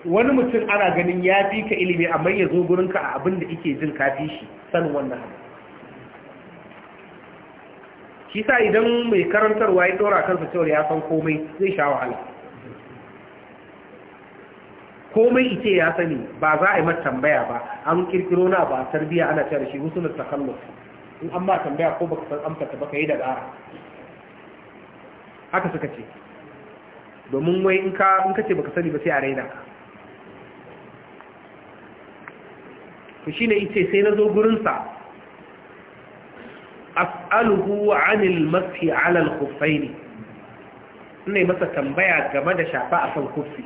wani mutum ana ganin ya fi ka ilimi amma ya zo gurinka a abin da ike jin kafi shi sanin wannan shi sa idan mai karantarwa ya tsora kansa cewar ya san komai zai sha wahala komai ita ya sani ba za a yi tambaya ba an kirkiro na ba a tarbiya ana cewar shi musu na takallus in an ma tambaya ko baka san amsar ta baka yi da ƙara haka suka ce domin wai in ka in kace baka sani ba sai a raina ka to shine yace sai na zo gurin sa as'aluhu 'anil mashi 'ala al-khuffayn ina masa tambaya game da shafa akan kuffi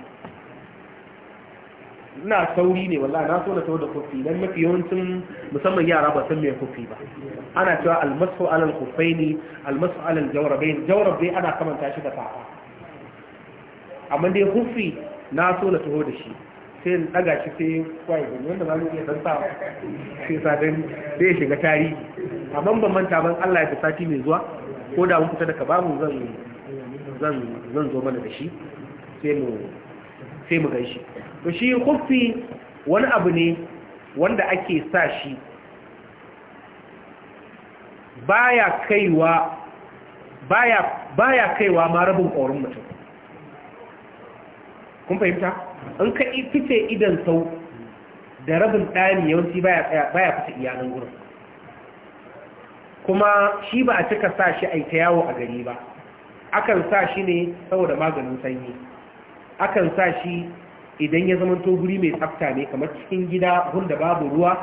ina sauri ne wallahi na so na tawo da kofi dan mafi yawancin musamman yara ba san me kofi ba ana cewa almasu alal khuffaini almasu alal jawrabain jawrab dai ana kamanta shi da safa amma dai kofi na so na tawo da shi sai in daga shi sai kwai gani wanda ba zai iya san sai sa dan sai ya shiga tarihi amma ban manta ban Allah ya ta sati mai zuwa ko da mun fita daga babu zan zan zan zo mana da shi sai mu sai mu gaishe to shi kufi wani abu ne wanda ake sa shi baya kaiwa baya baya kaiwa ma rabin ƙorin mutum kun fahimta in ka fice idan sau da rabin ɗani yawanci baya fita iyalan gurin kuma shi ba a cika sa shi a yawo a gari ba akan sa shi ne saboda maganin sanyi akan sa shi idan ya zama to mai tsafta ne kamar cikin gida gunda babu ruwa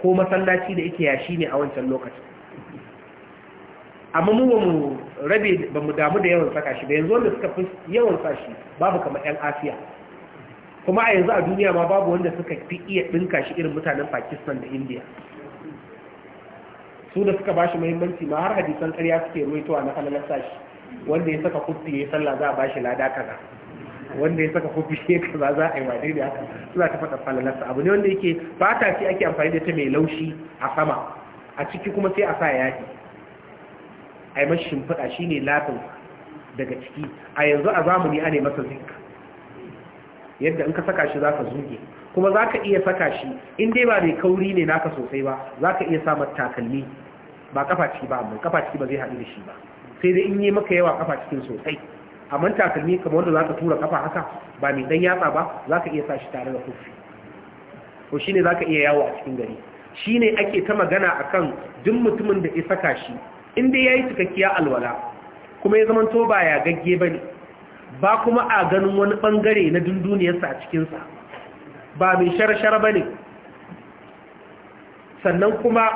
ko masallaci da yake yashi ne a wancan lokacin amma mu bamu rabe mu damu da yawan saka shi ba yanzu wanda suka fi yawan sa babu kamar yan asiya kuma a yanzu a duniya ma babu wanda suka fi iya dinka shi irin mutanen pakistan da Indiya, su da suka bashi muhimmanci ma har hadisan ƙarya suke ruwaitowa na kalalar sashi wanda ya saka kufi ya yi sallah za a bashi lada kaza wanda ya saka kofi ka za a yi wane da haka suna ta faɗa falalarsa abu ne wanda yake fata ce ake amfani da ta mai laushi a sama a ciki kuma sai a sa yaki. a yi mashi shimfiɗa shi ne latin daga ciki a yanzu a zamani ana masa zinka yadda in ka saka shi za ka zuge kuma za ka iya saka shi in dai ba mai kauri ne naka sosai ba za ka iya samar takalmi ba kafa ciki ba amma kafa ciki ba zai haɗu da shi ba sai dai in yi maka yawa kafa cikin sosai amma takalmi kamar wanda zaka tura kafa haka ba mai dan yatsa ba zaka iya sa shi tare da kofi ko shine zaka iya yawo a cikin gari Shi shine ake ta magana akan duk mutumin da ya saka shi in dai yayi cikakkiya alwala kuma ya zama to ba ya gagge bane ba kuma a ganin wani bangare na dunduniyarsa a cikin sa ba mai sharashar bane sannan kuma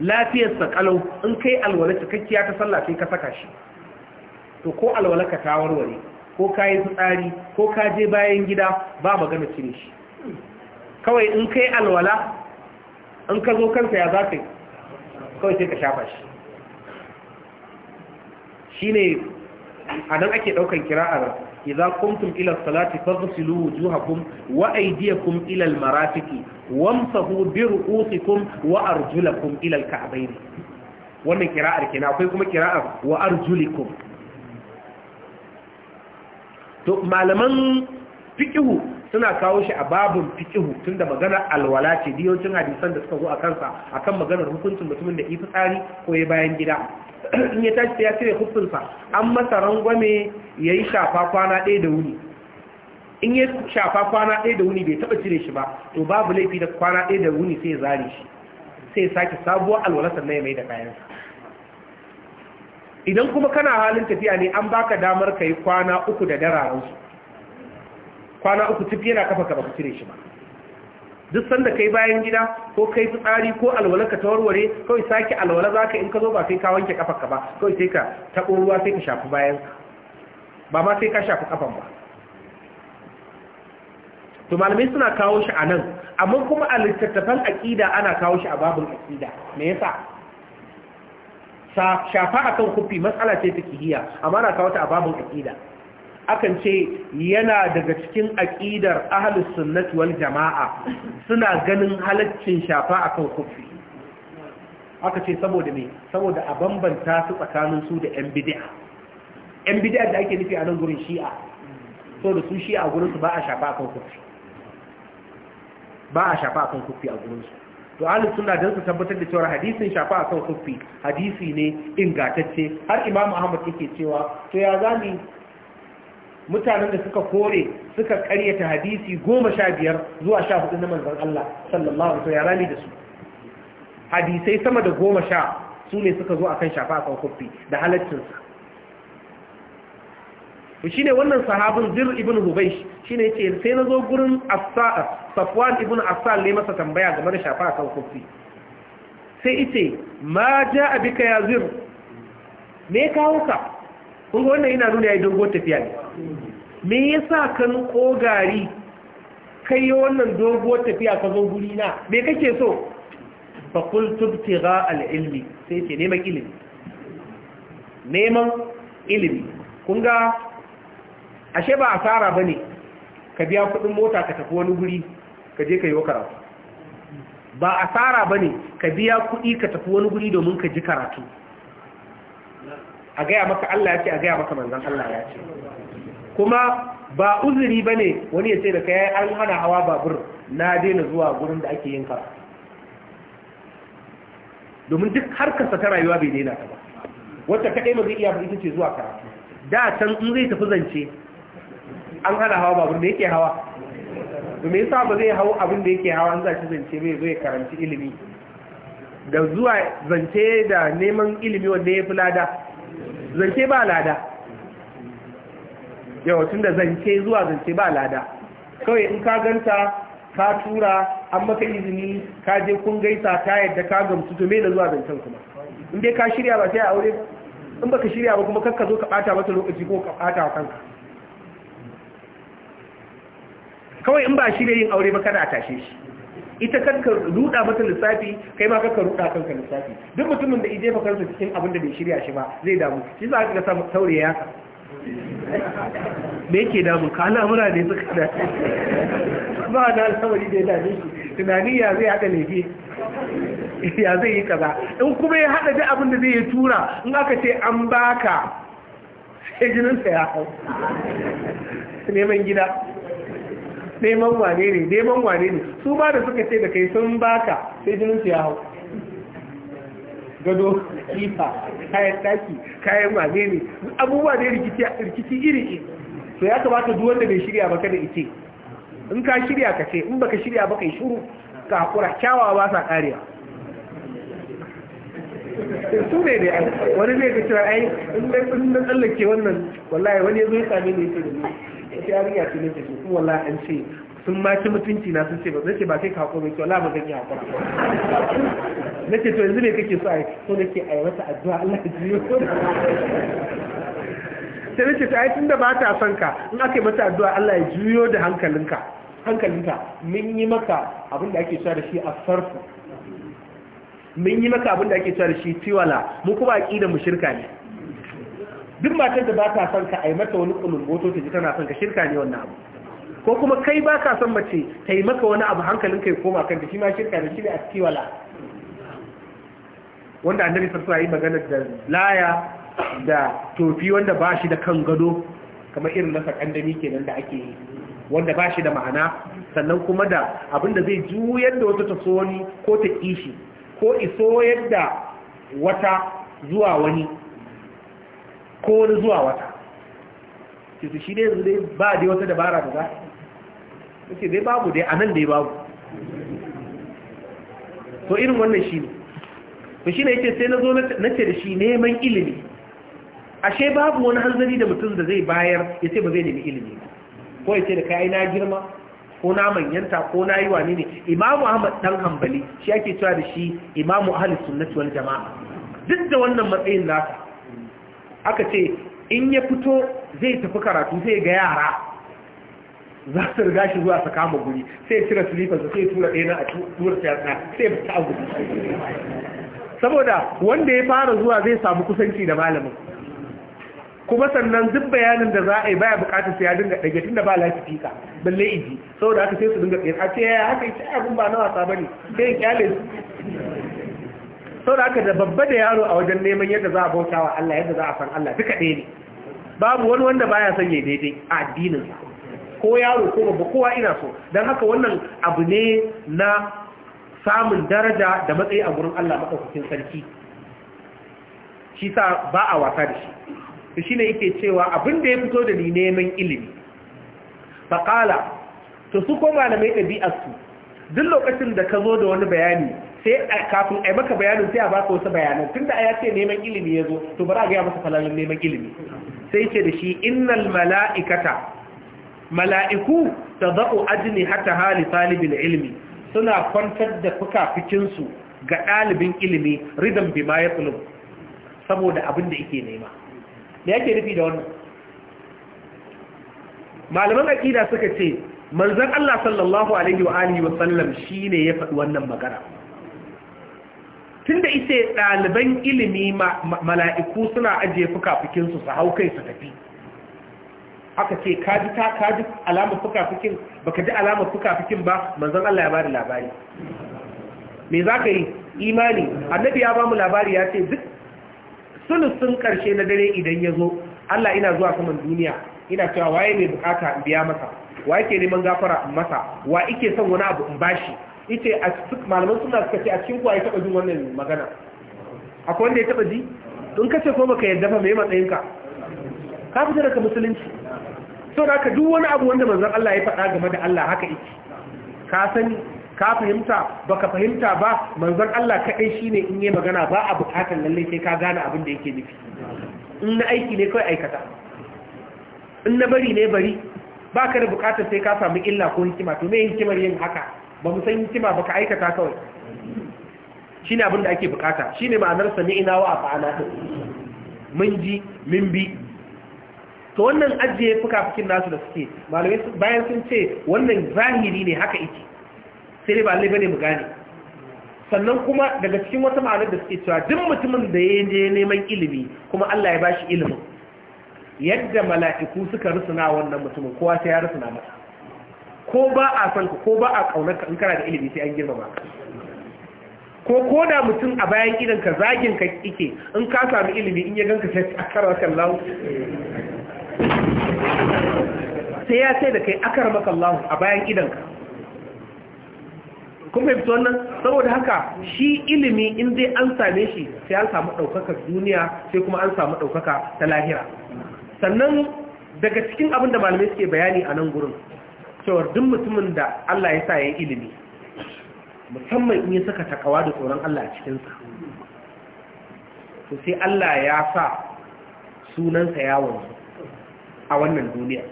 lafiyarsa kalau in kai alwala cikakkiya ta sallah sai ka saka shi to ko alwalaka ta warware ko ka yi tsari, ko ka je bayan gida ba magana cire shi kawai in kai alwala in ka zo kansa ya za ka kawai sai ka shafa shi shi ne a nan ake ɗaukar kira'ar idan kuntum ila salati faghsilu wujuhakum wa aydiyakum ila almarafiqi wamsahu bi ru'usikum wa arjulakum ila alka'bayn wannan kira'ar kenan akwai kuma kira'ar wa arjulikum to malaman fikihu suna kawo shi a babin fikihu tunda maganar alwala ce diyocin hadisan da suka zo a kansa akan maganar hukuncin mutumin da ifi tsari ko ya bayan gida in ya tashi ya cire hukunsa an masa rangwame yayi shafa kwana ɗaya da wuni in ya shafa kwana ɗaya da wuni bai taɓa cire shi ba to babu laifi da kwana ɗaya da wuni sai ya zare shi sai ya sake sabuwar alwala sannan ya mai da kayansa idan kuma kana halin tafiya ne an baka damar ka yi kwana uku da dararensu kwana uku tafiya yana kafa ka ba ku cire shi ba duk sanda kai bayan gida ko kai fitsari ko alwala ka tawarware kawai sake alwala za ka in ka zo ba sai ka wanke ka ba kawai sai ka taɓo ruwa sai ka shafi bayan ba ma sai ka shafi kafan ba to malamai suna kawo shi a nan amma kuma a littattafan aƙida ana kawo shi a babin aƙida me yasa shafa akan kufi matsala ce fikihiyya amma na kawo ta a babun aƙida. akan ce yana daga cikin aƙidar ahalus sunnati wal jamaa suna ganin halaccin shafa akan kufi aka ce saboda me saboda a bambanta su tsakanin su da yan bidiya yan bidiya da ake nufi a nan gurin shi'a so da su shi'a gurinsu ba a shafa kufi ba a shafa akan kufi a gurinsu. to ahlus sunna dan su tabbatar da cewa hadisin shafa akan kufi hadisi ne ingatacce har imam ahmad yake cewa to ya zani mutanen da suka kore suka karyata hadisi goma sha biyar zuwa sha hudu na manzon Allah sallallahu alaihi wasallam ya rani da su hadisai sama da goma sha su ne suka zo akan shafa akan kufi da halaccinsa to shine wannan sahabin zir ibn hubaysh shine yake sai nazo gurin afsa safwan ibn afsal ne masa tambaya game da shafa kan kufi sai yace ma jaa bika ya zir me kawo ka kun ga wannan yana nuna yayi dogo tafiya ne me yasa kan kogari kai wannan dogo tafiya ka zo guri na me kake so fa qultu ibtigha al-ilmi sai yace neman ilimi neman ilimi kun ga ashe ba asara ba ne ka biya kudin mota ka tafi wani guri ka je ka yi wa karatu ba asara ba ne ka biya kudi ka tafi wani guri domin ka ji karatu a gaya maka Allah ya ce a gaya maka manzan Allah ya ce kuma ba uzuri ba ne wani ya ce da kai an hana hawa babur na daina zuwa gurin da ake yin karatu domin duk harkarsa ta rayuwa bai daina ta ba wata kaɗai ma zai iya ita ce zuwa karatu da can in zai tafi zance an hana hawa babur da yake hawa me yasa ba zai hau abin da yake hawa an za shi zance bai zai karanci ilimi da zuwa zance da neman ilimi wanda ya fi lada zance ba lada yawancin da zance zuwa zance ba lada kawai in ka ganta ka tura an maka izini ka je kun gaisa ta yadda ka gamsu to me da zuwa zancen kuma in dai ka shirya ba sai a aure in baka shirya ba kuma kakka zo ka bata mata lokaci ko ka bata wa kanka kawai in ba shi da yin aure ba kada a tashe shi ita kanka ruda mata lissafi kai ma kanka ruda kanka lissafi duk mutumin da ije kansa cikin abin da bai shirya shi ba zai damu shi za ka ga samu taure ya ka me yake damu ka al'amura ne suka da ba na al'amari da ya dame shi tunani ya zai haɗa laifi? ya zai yi kaza in kuma ya haɗa duk abin da zai yi tura in aka ce an baka sai jininsa ya hau neman gida neman wane ne neman wane ne su ba da suka ce da kai sun baka sai jinin su ya hau gado kifa kayan daki kayan wane ne abubuwa ne rikici iri to ya kamata duk wanda bai shirya ba kada ice in ka shirya ka ce in baka shirya baka yi shuru, ka hakura kyawawa ba sa karewa su ne da wani ne ga cewa ai in ɗan tsallake wannan wallahi wani ya zo ya same ne ya ce da ne ita yarinya ce nake so kuma wallahi an ce sun ma ci mutunci na sun ce ba zai ce ba kai ka hakuri kyau la ba zan yi hakuri nake to yanzu me kake so ai so nake ai wata addu'a Allah ya jiyo sai nake ta ai tunda ba ta son ka in aka yi mata addu'a Allah ya juyo da hankalinka hankalinka mun yi maka abin da ake cewa da shi asarfu mun yi maka abin da ake cewa da shi tiwala mu kuma aqida mu shirka ne duk matar da ba ta son ka ai mata wani kullum moto ta ji tana son ka shirka ne wannan abu ko kuma kai ba ka son mace ta yi maka wani abu hankalin kai koma kan da shi ma shirka da shi ne a wala wanda annabi sarsu yi magana da laya da tofi wanda ba shi da kan gado kamar irin na sakandami kenan da ake yi wanda ba shi da ma'ana sannan kuma da abin da zai juyar da wata ta so wani ko ta kishi ko iso yadda wata zuwa wani ko wani zuwa wata ce shi ne zai ba dai wata dabara da za ta ce dai babu dai a nan dai babu to irin wannan shi ne to shi ne yake sai na zo na ce da shi neman ilimi ashe babu wani hanzari da mutum da zai bayar ya ce ba zai nemi ilimi ko ya ce da kayi na girma ko na manyanta ko na yi wani ne imamu ahmad dan hambali shi ake cewa da shi imamu ahalisun na wal jama'a duk da wannan matsayin nasa aka ce in ya fito zai tafi karatu sai ga yara za su riga shi zuwa su kama guri sai cire silifansa sai tura ɗaya a tura siyasa sai ya ta gudu saboda wanda ya fara zuwa zai samu kusanci da malamin kuma sannan duk bayanin da za a yi baya bukatar su ya dinga ɗage tun da ba lafi fika balle iji saboda aka sai su dinga tsaye a ce ya haka ita abin ba na wasa bane sai ya kyale su sau da aka da babba da yaro a wajen neman yadda za a bauta wa Allah yadda za a san Allah duka ɗaya ne babu wani wanda baya son ya daidai a addinin. ko yaro ko babba kowa ina so don haka wannan abu ne na samun daraja da matsayi a gurin Allah maɗaukakin sarki shi sa ba a wasa da shi da shi ne yake cewa abin da ya fito da ni neman ilimi faƙala to su ko malamai su. duk lokacin da ka zo da wani bayani sai a kafin a maka bayanin sai a baka wasu bayanan tun da ya ce neman ilimi ya zo to bari a gaya masa falalin neman ilimi sai ce da shi innal mala'ikata mala'iku ta za'u ajini hata hali talibin ilimi suna kwantar da fukafikinsu ga ɗalibin ilimi ridan bi ma ya tsulub saboda abin da yake nema me yake nufi da wannan malaman aƙida suka ce manzon Allah sallallahu alaihi wa wa sallam shine ya faɗi wannan magana Tun da ita ɗaliban ilimi mala'iku suna ajiye fuka fukafukinsu su hau kai su tafi aka ce kaji ta kaji alamar Ba ka ji alamar fuka fukafukin ba manzan Allah ya bada labari me za ka yi imani annabi ya bamu labari ya ce duk sulustun karshe na dare idan ya zo Allah ina zuwa saman duniya ina cewa waye mai bukata in biya masa wa ke neman gafara masa wa ike son wani abu in bashi ita a cikin malaman suna suka ce a cikin kuwa ya taɓa jin wannan magana akwai wanda ya taba ji don kace ko baka yadda fa mai matsayinka ka fita daga musulunci sau da ka duk wani abu wanda manzan Allah ya faɗa game da Allah haka iki ka sani ka fahimta baka fahimta ba manzan Allah kaɗai shi ne in yi magana ba a buƙatar lallai sai ka gane abin da yake nufi in na aiki ne kawai aikata in na bari ne bari ba ka da buƙatar sai ka samu illa ko hikima to me hikimar yin haka ba mu san hikima ba ka aikata kawai ne abin da ake bukata ne ma'anar ina wa a din mun ji min bi ta wannan ajiye fuka fuka-fukin nasu da suke malamai bayan sun ce wannan zahiri ne haka iki sai ba laifin ne mu gane sannan kuma daga cikin wata ma'anar da suke cewa duk mutumin da ya yi neman ilimi kuma Allah ya ba shi ilimin yadda mala'iku suka rusuna wannan mutumin kowa sai ya rusuna masa ko ba a son ka ko ba a kaunar ka in kana da ilimi sai an girmama ka ko ko da mutum a bayan idan ka zagin ka ike in ka sami ilimi in ya ganka sai akara karar Allah sai ya sai da kai akara maka Allah a bayan ka. kuma fito wannan saboda haka shi ilimi in dai an same shi sai an samu ɗaukakar duniya sai kuma an samu ɗaukaka ta lahira sannan daga cikin abin da malamai suke bayani a nan gurin cewa duk mutumin da Allah ya sa ya ilimi musamman in ya saka takawa da tsoron Allah a cikinsa to sai Allah ya sa sunansa yawon a wannan duniya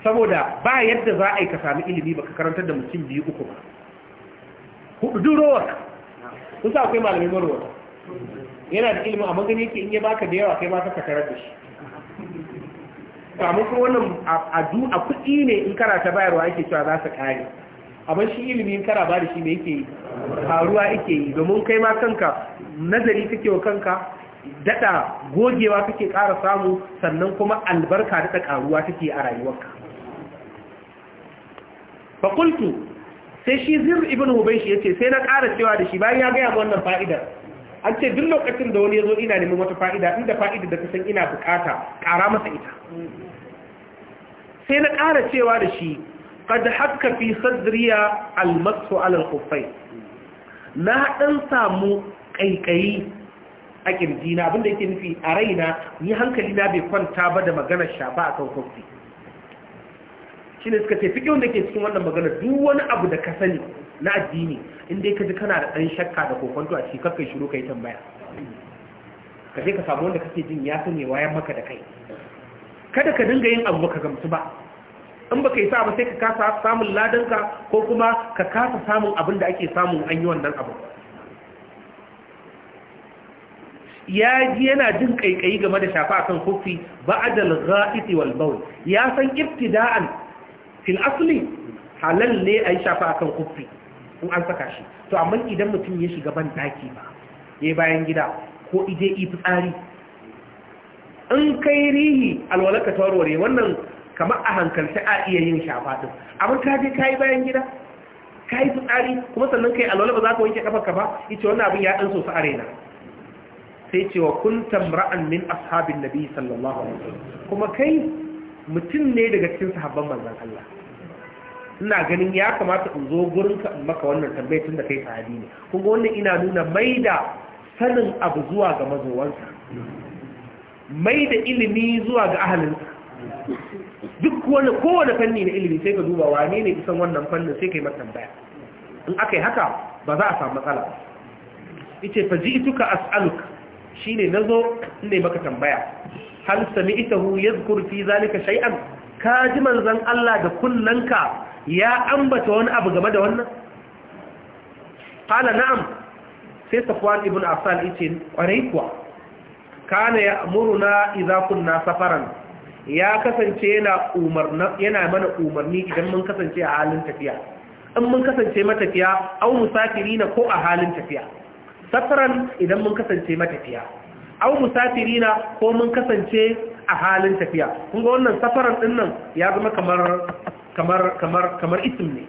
saboda ba yadda za a yi ka sami ilimi baka karantar da mutum biyu uku ba hudu durowar kusa akwai malamin marowar yana da ilimin amma gani yake in ya baka da yawa kai ma saka tarar da shi sakamakon wannan adu a kuɗi ne in kara ta bayarwa ake cewa za su kare amma shi ilimi in kana ba da shi ne yake yi faruwa yake yi domin kai ma kanka nazari kake wa kanka daɗa gogewa kake ƙara samu sannan kuma albarka da ta karuwa take a rayuwarka fakultu sai shi zir ibn hubai shi ya ce, sai na ƙara cewa da shi bayan ya gaya wannan fa'idar an ce duk lokacin da wani ya zo ina neman wata fa'ida inda fa'ida da ta san ina bukata ƙara masa ita sai na ƙara cewa da shi ƙad haka fi sadriya almasu alal kufai na ɗan samu ƙaiƙayi a ƙirjina abinda yake nufi a raina ni hankali na bai kwanta ba da magana shafa a kan kofi shi ne suka ce fi da ke cikin wannan magana duk wani abu da ka sani na addini inda ka ji kana da ɗan shakka da kokonto a cikin kakai shiru ka yi tambaya ka je ka samu wanda kake jin ya sanewa ya maka da kai kada ka dinga yin abu baka gamsu ba in baka yi sa ba sai ka kasa samun ladanka ko kuma ka kasa samun abin da ake samun an yi wannan abu ya ji yana jin kaikayi game da shafa akan kofi a da wal bawl ya san iftida'an fil asli halal ne a yi shafa akan kofi in an saka shi to amma idan mutum ya shiga ban daki ba ya bayan gida ko ije ifi tsari. in kai rihi alwalaka ta warware wannan kama a hankalci a iya yin shafaɗin. din ta ka je yi bayan gida kayi fitsari kuma sannan kai alwala ba za ka wanke kafa ba ita wannan abin ya ɗan so arena sai ce wa kun tamra'an min ashabin nabi sallallahu alaihi kuma kai mutum ne daga cikin sahabban manzan Allah ina ganin ya kamata in zo gurin ka in maka wannan tambayar tun da kai sahabi ne kuma wannan ina nuna maida sanin abu zuwa ga mazowansa mai da ilimi zuwa ga ahalinsa duk wani kowane fanni na ilimi sai ka duba wa ne ne kusan wannan fannin sai ka yi matan baya in aka yi haka ba za a samu matsala ba ita fa ji ituka as'aluka shine nazo ne maka tambaya hal sami'tahu yadhkur fi zalika shay'an ka ji manzan Allah da kullanka ya ambata wani abu game da wannan qala na'am sai safwan ibn asal ice kwarai kuwa kana ya amuruna idza kunna safaran ya kasance yana umarna yana mana umarni idan mun kasance a halin tafiya in mun kasance matafiya aw musafirina ko a halin tafiya safaran idan mun kasance matafiya aw musafirina ko mun kasance a halin tafiya kun ga wannan safaran din nan ya zama kamar kamar kamar kamar ism ne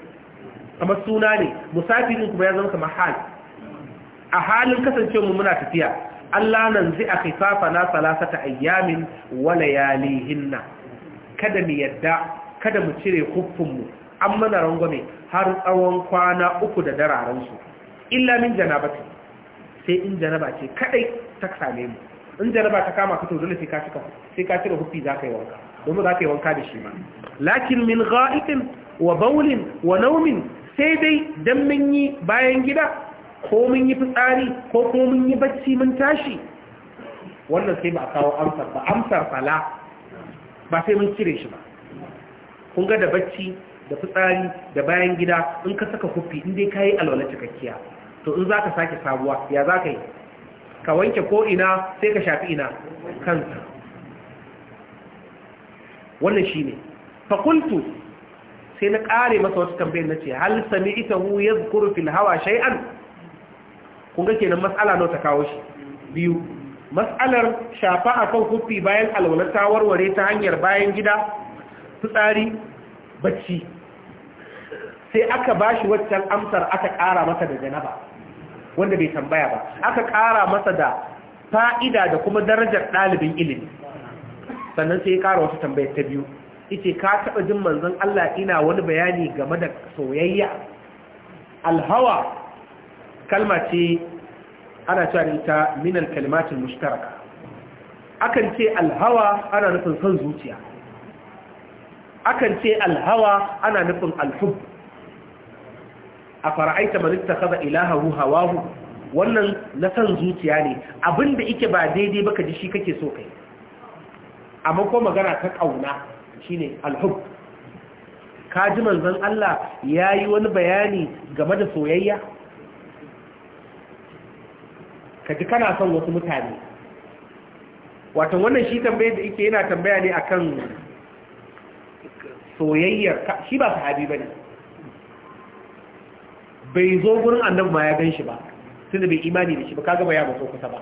kamar suna ne musafirin kuma ya zama kamar hal a halin kasancewa muna tafiya Allah nan zai a kifafa na salasata ayyamin wa hinna kada mu yadda kada mu cire kuffinmu an mana rangwame har tsawon kwana uku da dararensu illa min janabati sai in janaba ce kadai ta same mu in janaba ta kama ka to dole sai ka cire huffi za ka yi wanka domin za ka yi wanka da shi ma lakin min ga'itin wa baulin wa naumin sai dai dan mun yi bayan gida ko mun yi fitsari ko ko mun yi bacci mun tashi wannan sai ba a kawo amsar ba amsar fala ba sai mun cire shi ba kun ga da bacci da fitsari da bayan gida in ka saka kufi in dai kayi alwala cikakkiya to in zaka sake sabuwa ya zaka yi ka wanke ko ina sai ka shafi ina kansa wannan shine fa qultu sai na kare masa wata tambayar nace hal sami'tahu yadhkuru fil hawa shay'an kun kenan matsala nawa ta kawo shi biyu mas'alar shafa kan kufi bayan alwalata ta warware ta hanyar bayan gida fitsari bacci sai aka bashi waccan amsar aka ƙara masa da janaba wanda bai tambaya ba aka ƙara masa da fa'ida da kuma darajar ɗalibin ilimi sannan sai ya ƙara wasu tambayar ta biyu ice ka taɓa jin manzon Allah ina wani bayani game da soyayya alhawa kalma ce ana cewa da minan minal kalimatin mushtaraka akan ce alhawa ana nufin son zuciya akan ce alhawa ana nufin alhub a fara'aita manitta kaza ilahahu hawahu wannan na son zuciya ne abinda ike ba daidai baka ji shi kake so kai amma ko magana ta kauna shine alhub ka ji manzon Allah yayi wani bayani game da soyayya ka ji kana son wasu mutane watan wannan shi tambayar da yake yana tambaya ne akan soyayyar shi ba sahabi bane bai zo gurin annabi ma ya gan shi ba tunda bai imani da shi ba kaga ya maso kusa ba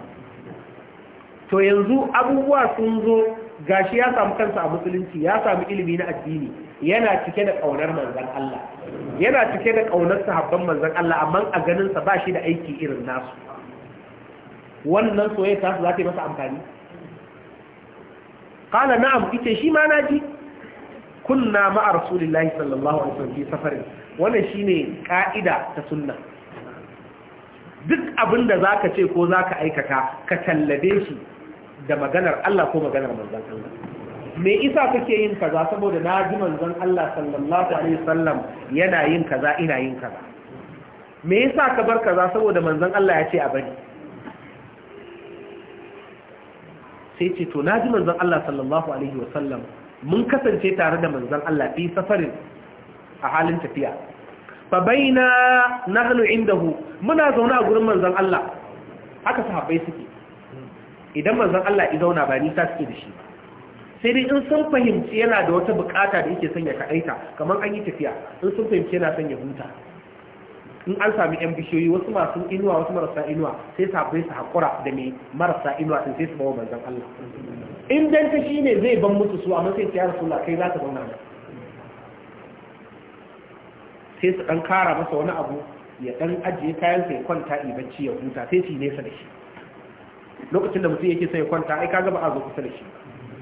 to yanzu abubuwa sun zo gashi ya samu kansa a musulunci ya samu ilimi na addini yana cike da kaunar manzon Allah yana cike da kaunar sahabban manzon Allah amma a ganin sa ba shi da aiki irin nasu wannan soyayya ta su za ta yi masa amfani qala na'am ita shi ma na ji. kunna ma'a rasulullahi sallallahu alaihi wasallam safarin wannan shine ka'ida ta sunna duk abin da zaka ce ko zaka aikata ka tallabe shi da maganar Allah ko maganar manzon Allah me isa kake yin kaza saboda na ji manzon Allah sallallahu alaihi wasallam yana yin kaza ina yin kaza me yasa ka bar kaza saboda manzon Allah ya ce a bari sai ce to naji manzon Allah sallallahu alaihi wasallam mun kasance tare da manzon Allah fi safarin a halin tafiya fa baina nahnu indahu muna zauna a gurin manzon Allah haka sahabbai suke idan manzon Allah ya zauna ba ni ta suke da shi sai dai in sun fahimci yana da wata bukata da yake sanya ya kamar an yi tafiya in sun fahimci yana sanya huta in an sami yan bishiyoyi wasu masu inuwa wasu marasa inuwa sai sabai su haƙura da mai marasa inuwa sun sai su bawa manzan Allah in dan ta shi ne zai ban mutu su amma sai ya rasulullah kai za ta zauna nan sai su ɗan kara masa wani abu ya ɗan ajiye kayan sai kwanta bacci ya huta sai su nesa da shi lokacin da mutum yake sai kwanta ai kaga ba a zo kusa da shi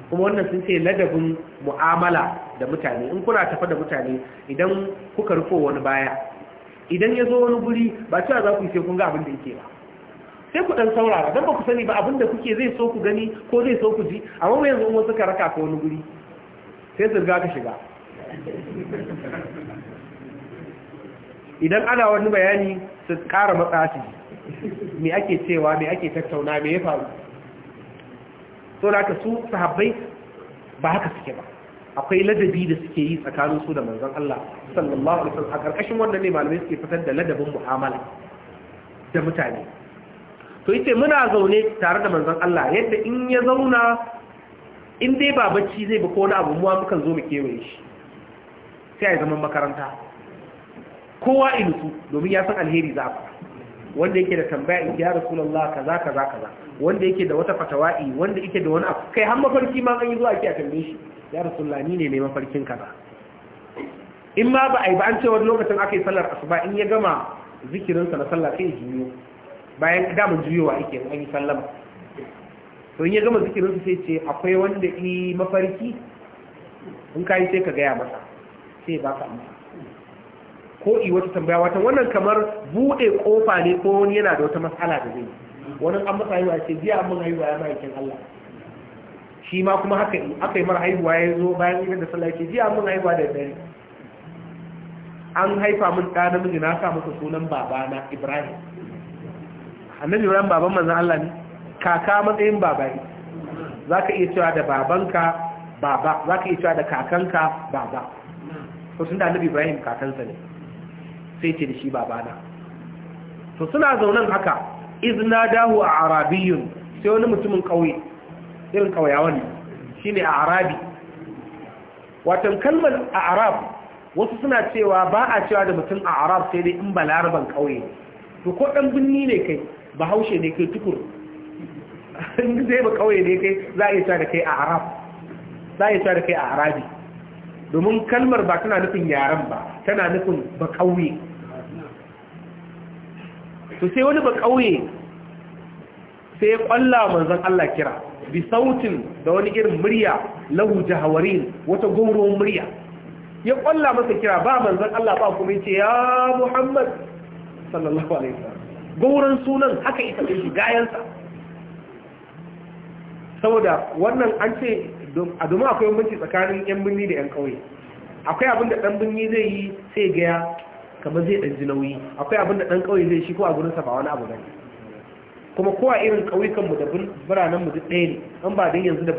kuma wannan sun ce ladabin mu'amala da mutane in kuna tafa da mutane idan kuka rufo wani baya idan ya zo wani guri ba cewa za ku yi sai ga abin da yake ba sai ku dan saurara don ba ku sani ba abin da kuke zai so ku gani ko zai so ku ji amma mai yanzu wasu suka raka ka wani guri sai zirga ka shiga idan ana wani bayani su kara matsashi me ake cewa me ake tattauna me ya faru so da su sahabbai ba haka suke ba akwai ladabi da suke yi tsakanin su da manzon Allah sallallahu alaihi wasallam a karkashin wannan ne malamai suke fitar da ladabin mu'amala da mutane to yace muna zaune tare da manzon Allah yadda in ya zauna in dai ba bacci zai ba ko wani abu muwa mukan zo mu kewaye shi sai ai zaman makaranta kowa ilutu domin ya san alheri za ka wanda yake da tambaya in ya rasulullah kaza kaza kaza wanda yake da wata fatawa'i wanda yake da wani abu kai har mafarki ma an yi zuwa ki a tambaye shi ya rasulullah ni ne mai mafarkin kaza in ma ba a yi ba an ce wani lokacin aka yi sallar asuba in ya gama zikirinsa na sallah sai juyo bayan damar juyowa ake an yi sallama to in ya gama zikirinsa sai ce akwai wanda yi mafarki in ka yi sai ka gaya masa sai ba ka amsa ko yi wata tambaya wata wannan kamar bude kofa ne ko wani yana da wata matsala da zai wani an masa wa ce biya mun haihuwa ya ma'aikin Allah shi ma kuma haka yi, aka yi mara haihuwa ya zo bayan idan da sallah ke ji a mun haihuwa da dare an haifa mun ɗa namiji na sa masa sunan babana ibrahim annabi ibrahim baban manzan allah ne kaka matsayin baba ne za ka iya cewa da babanka baba za ka iya cewa da kakanka baba to sun da annabi ibrahim kakansa ne sai ce da shi babana to suna zaunan haka izina dahu a arabiyun sai wani mutumin ƙauye irin kauyawan ne ne a arabi watan kalmar a arab wasu suna cewa ba a cewa da mutum a arab sai dai in ba laraban kawai to ko dan binni ne kai ba haushe ne kai tukur in zai ba kawai ne kai za a da kai a arab za a da kai a arabi domin kalmar ba tana nufin yaren ba tana nufin ba kawai to sai wani ba kawai sai ya kwalla manzon Allah kira bi sautin da wani irin murya lahu jahawarin wata gauron murya ya kwalla masa kira ba manzon Allah ba kuma yace ya Muhammad sallallahu alaihi wasallam gauron sunan haka ita ne shi gayansa saboda wannan an ce a domin akwai banci tsakanin yan birni da yan kauye akwai abin da dan birni zai yi sai gaya kamar zai ɗan ji nauyi akwai abin da dan kauye zai shi ko a gurin sa ba wani abu bane kuma kowa irin ƙauyukanmu da biranenmu duk ɗaya ne an ba don yanzu da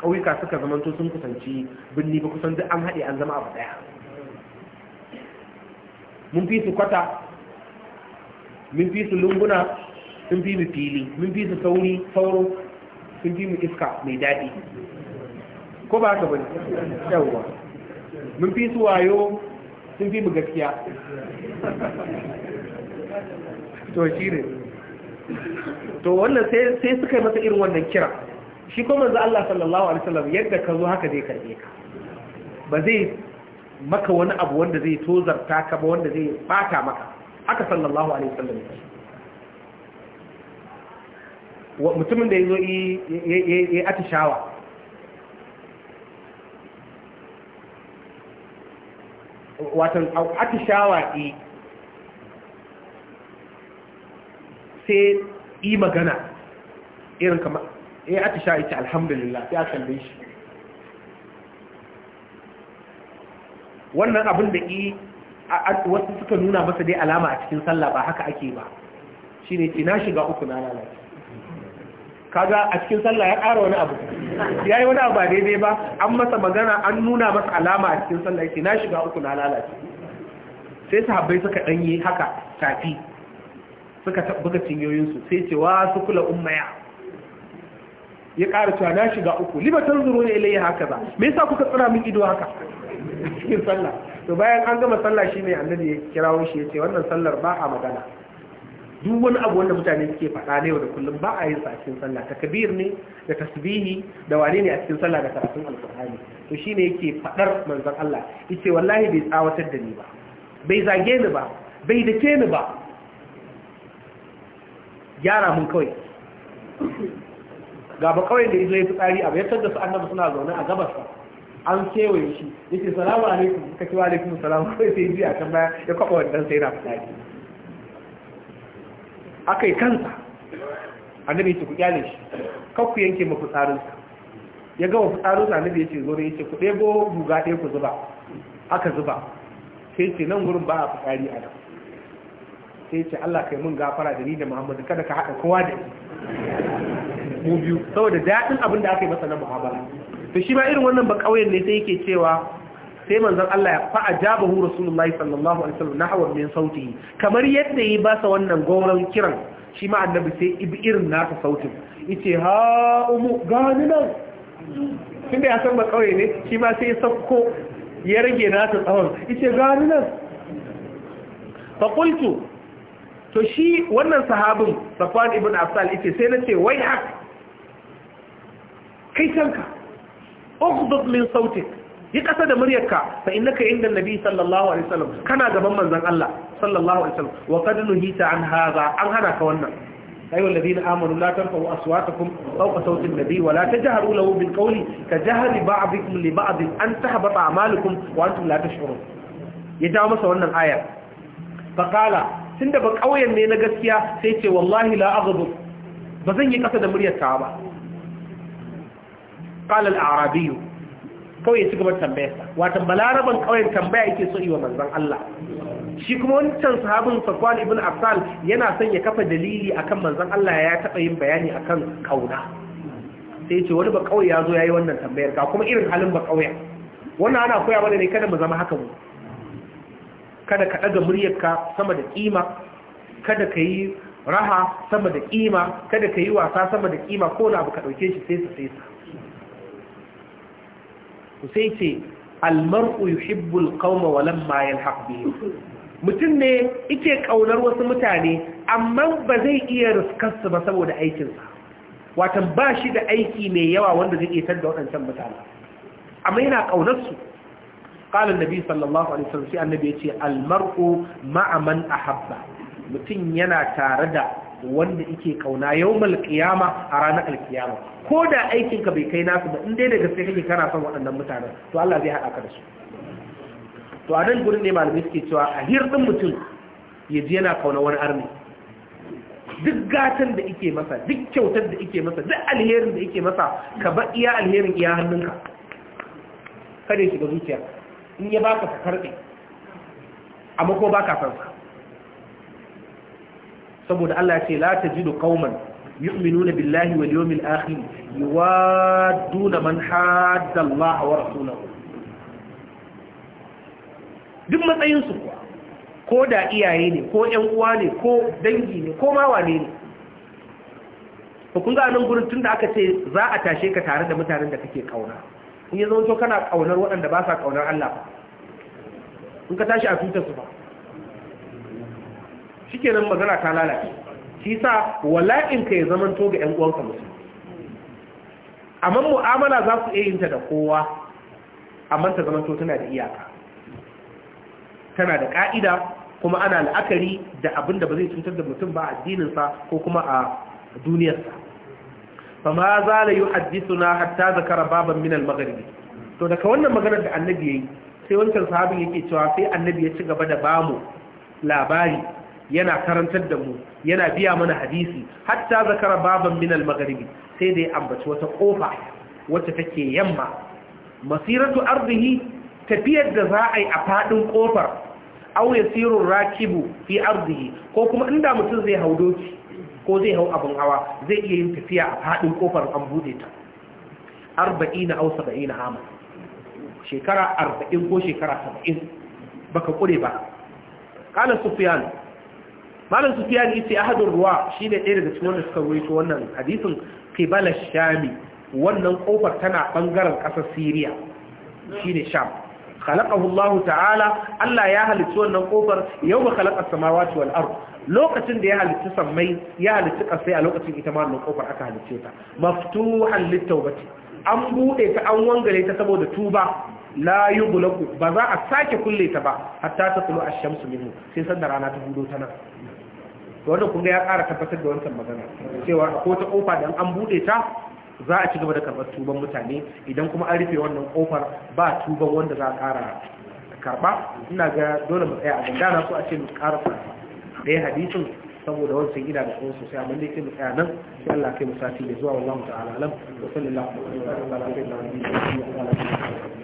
ƙauyuka suka to sun kusanci birni ba kusan duk an haɗe an zama abu ɗaya mun fi su kwata mun fi su lunguna sun fi mu fili mun fi su sauri sauro sun fi mu iska mai daɗi ko ba haka bane yawwa mun fi su wayo sun fi mu gaskiya to shi ne to wannan sai suka yi masa irin wannan kira shi kuma manzo Allah sallallahu alaihi wasallam yadda ka zo haka zai karbe ka ba zai maka wani abu wanda zai tozarta ka ba wanda zai bata maka haka sallallahu alaihi wasallam mutumin da yazo yi atishawa watan atishawa yi eh, sai yi magana irin kama eh, ya sha ita alhamdulillah ya kalle shi wannan abin da yi wasu suka nuna masa dai alama a cikin sallah ba haka ake ba shi ne na shiga uku na lalace kaga a cikin sallah ya ƙara wani abu ya yi wani abu ba daidai ba an masa magana an nuna masa alama a cikin sallah ya na shiga uku na lalace sai su sahabbai suka ɗanyi haka tafi suka buga cinyoyinsu sai ce wa su kula ummaya ya ƙara cewa na shiga uku libatan zuru ne ilayya haka ba me yasa kuka tsira min ido haka cikin sallah to bayan an gama sallah ne annabi ya kirawo shi ya ce wannan sallar ba a magana duk wani abu wanda mutane suke faɗa yau da kullum ba a yin sa a cikin sallah Kabiru ne da tasbihi da wane ne a cikin sallah da karatun alƙur'ani to shi ne yake faɗar manzon Allah yace wallahi bai tsawatar da ni ba bai zage ni ba bai dace ni ba gyara mun kawai ga ba kawai da izo ya tsari abu ya da su annabi suna zaune a gabasa an kewaye shi yake salamu alaikum suka ce wa alaikum salam kawai sai ji a kan baya ya kwaba wannan sai yana fitari aka yi kansa annabi ya ce ku kyale shi kakku yanke mafi tsarinsa ya gama fitsarinsa annabi ya ce zo ya ce ku ɗebo guga ɗaya ku zuba aka zuba sai ce nan gurin ba a fitsari a nan sai ce Allah kai mun gafara da ni da Muhammadu kada ka haɗa kowa da ni mu biyu saboda daɗin abin da aka yi masa na muhabara to shi ma irin wannan ba ƙauyen ne sai yake cewa sai manzon Allah ya fa hu rasulullahi sallallahu alaihi wasallam nahwa min sautihi kamar yadda yi ba sa wannan gauran kiran shi ma annabi sai ibi irin nasa sautin yace ha umu gani nan tunda ya san ba ƙauye ne shi ma sai ya sauko ya rage nasa tsawon yace gani nan فقلت to shi wannan sahabin safwan ibn afsal yace sai na ce wai hak kai kanka ukhdud min sautik yi kasa da muryarka fa innaka inda nabi sallallahu alaihi wasallam kana gaban manzon Allah sallallahu alaihi wasallam wa qad nuhita an hadha an hana ka wannan أيها الذين آمنوا لا ترفعوا أصواتكم فوق صوت النبي ولا تجهروا له wannan aya faqala tunda ba ƙauyen ne na gaskiya sai ce wallahi la ba zan yi kasa da muryar ta ba Ƙalal a kawai ya ci gaba tambaya wata balaraban ƙauyen tambaya yake so yi wa Allah shi kuma wancan sahabin Safwan ibn afsal yana son ya kafa dalili akan manzan Allah ya taɓa yin bayani akan kauna sai ce wani ba ƙauye ya zo ya yi wannan tambayar ga kuma irin halin ba ƙauyen wannan ana koya mana ne kada mu zama haka mu kada ka ɗaga muryarka sama da ƙima kada ka yi raha sama da ƙima kada ka yi wasa sama da ƙima ko na ka ɗauke shi sai su sai su sai ce almar'u yuhibbul qauma wa lamma yalhaq mutum ne ike ƙaunar wasu mutane amma ba zai iya riskarsu ba saboda aikinsa watan ba shi da aiki mai yawa wanda zai iya da waɗancan mutane amma yana su. qala annabi sallallahu alaihi wasallam sai annabi yace almar'u ma'a man ahabba mutum yana tare da wanda yake kauna yawmal qiyama a ranar alkiyama ko da aikin ka bai kai nasu ba in daga sai gaske kake kana son waɗannan mutanen to Allah zai hada ka da su to a nan gurin ne malamai suke cewa a din mutum ya ji yana kauna wani arni duk gatan da ike masa duk kyautar da ike masa duk alherin da ike masa ka ba iya alherin iya hannunka kada ya shiga zuciya in ya baka ka karbe amma ko baka fansa saboda Allah ya ce la tajidu qauman yu'minuna billahi wal yawmil akhir yuwadduna man hadda Allah wa rasulahu duk matsayin su ko da iyaye ne ko ƴan uwa ne ko dangi ne ko ma wane ne ko kun ga nan gurin tunda aka ce za a tashe ka tare da mutanen da kake kauna in ya zama kana kaunar waɗanda ba sa kaunar Allah in ka tashi a ba su ba shikenan magana ta lalace shi sa wala'in ya zamanto ga 'yan uwanka musu amma mu'amala za su iya yin ta da kowa amma ta zama tana da iyaka tana da ƙa'ida kuma ana la'akari da abin da ba zai cutar da mutum ba a addininsa ko kuma a duniyarsa fama za la yi haddisuna hatta zakara baban min al-magharibi to daga wannan maganar da annabi yi, sai wancan sahabin yake cewa sai annabi ya ci gaba da bamu labari yana karantar da mu yana biya mana hadisi hatta zakara baban minar al-magharibi sai da ya ambaci wata kofa wacce take yamma masiratu ardihi tafiyar da za a yi a fadin kofar aw yasiru rakibu fi ardihi ko kuma inda mutum zai haudoki ko zai hau abin hawa zai iya yin tafiya a faɗin ƙofar an buɗe ta arba'in ba'in saba'in Hama. shekara arba'in ko shekara saba'in baka ƙure ba ƙalar sufiyan malar sufiyan ita ahadun ruwa shi ne ɗaya daga cikin wanda suka ruwaito wannan hadisin kibala shami wannan ƙofar tana ɓangaren ƙasar siriya shi ne sham khalaqahu Allah ta'ala Allah ya halicci wannan ƙofar. yau ba khalaqa samawati wal ard lokacin da ya halitta sammai ya halitta kasai a lokacin ita ma kofar aka halitta ta maftuhan litawbati an bude ta an wangare ta saboda tuba la yughlaqu ba za a sake kulle ta ba hatta ta tulu ash-shamsu minhu sai sanda rana ta hudo ta nan wannan kun ga ya kara tabbatar da wancan magana cewa ko ta kofa dan an bude ta za a ci gaba da karbar tuban mutane idan kuma an rufe wannan kofar ba tuban wanda za a ƙara karba ina ga dole mu tsaya a na ko a ce mu ƙara ɗaya hadisin saboda wancan gida da kuma sosai amma da kai mu tsaya nan shi Allah kai mu sati da zuwa wallahu ta'ala alam wa sallallahu alaihi wa sallam ala sayyidina muhammad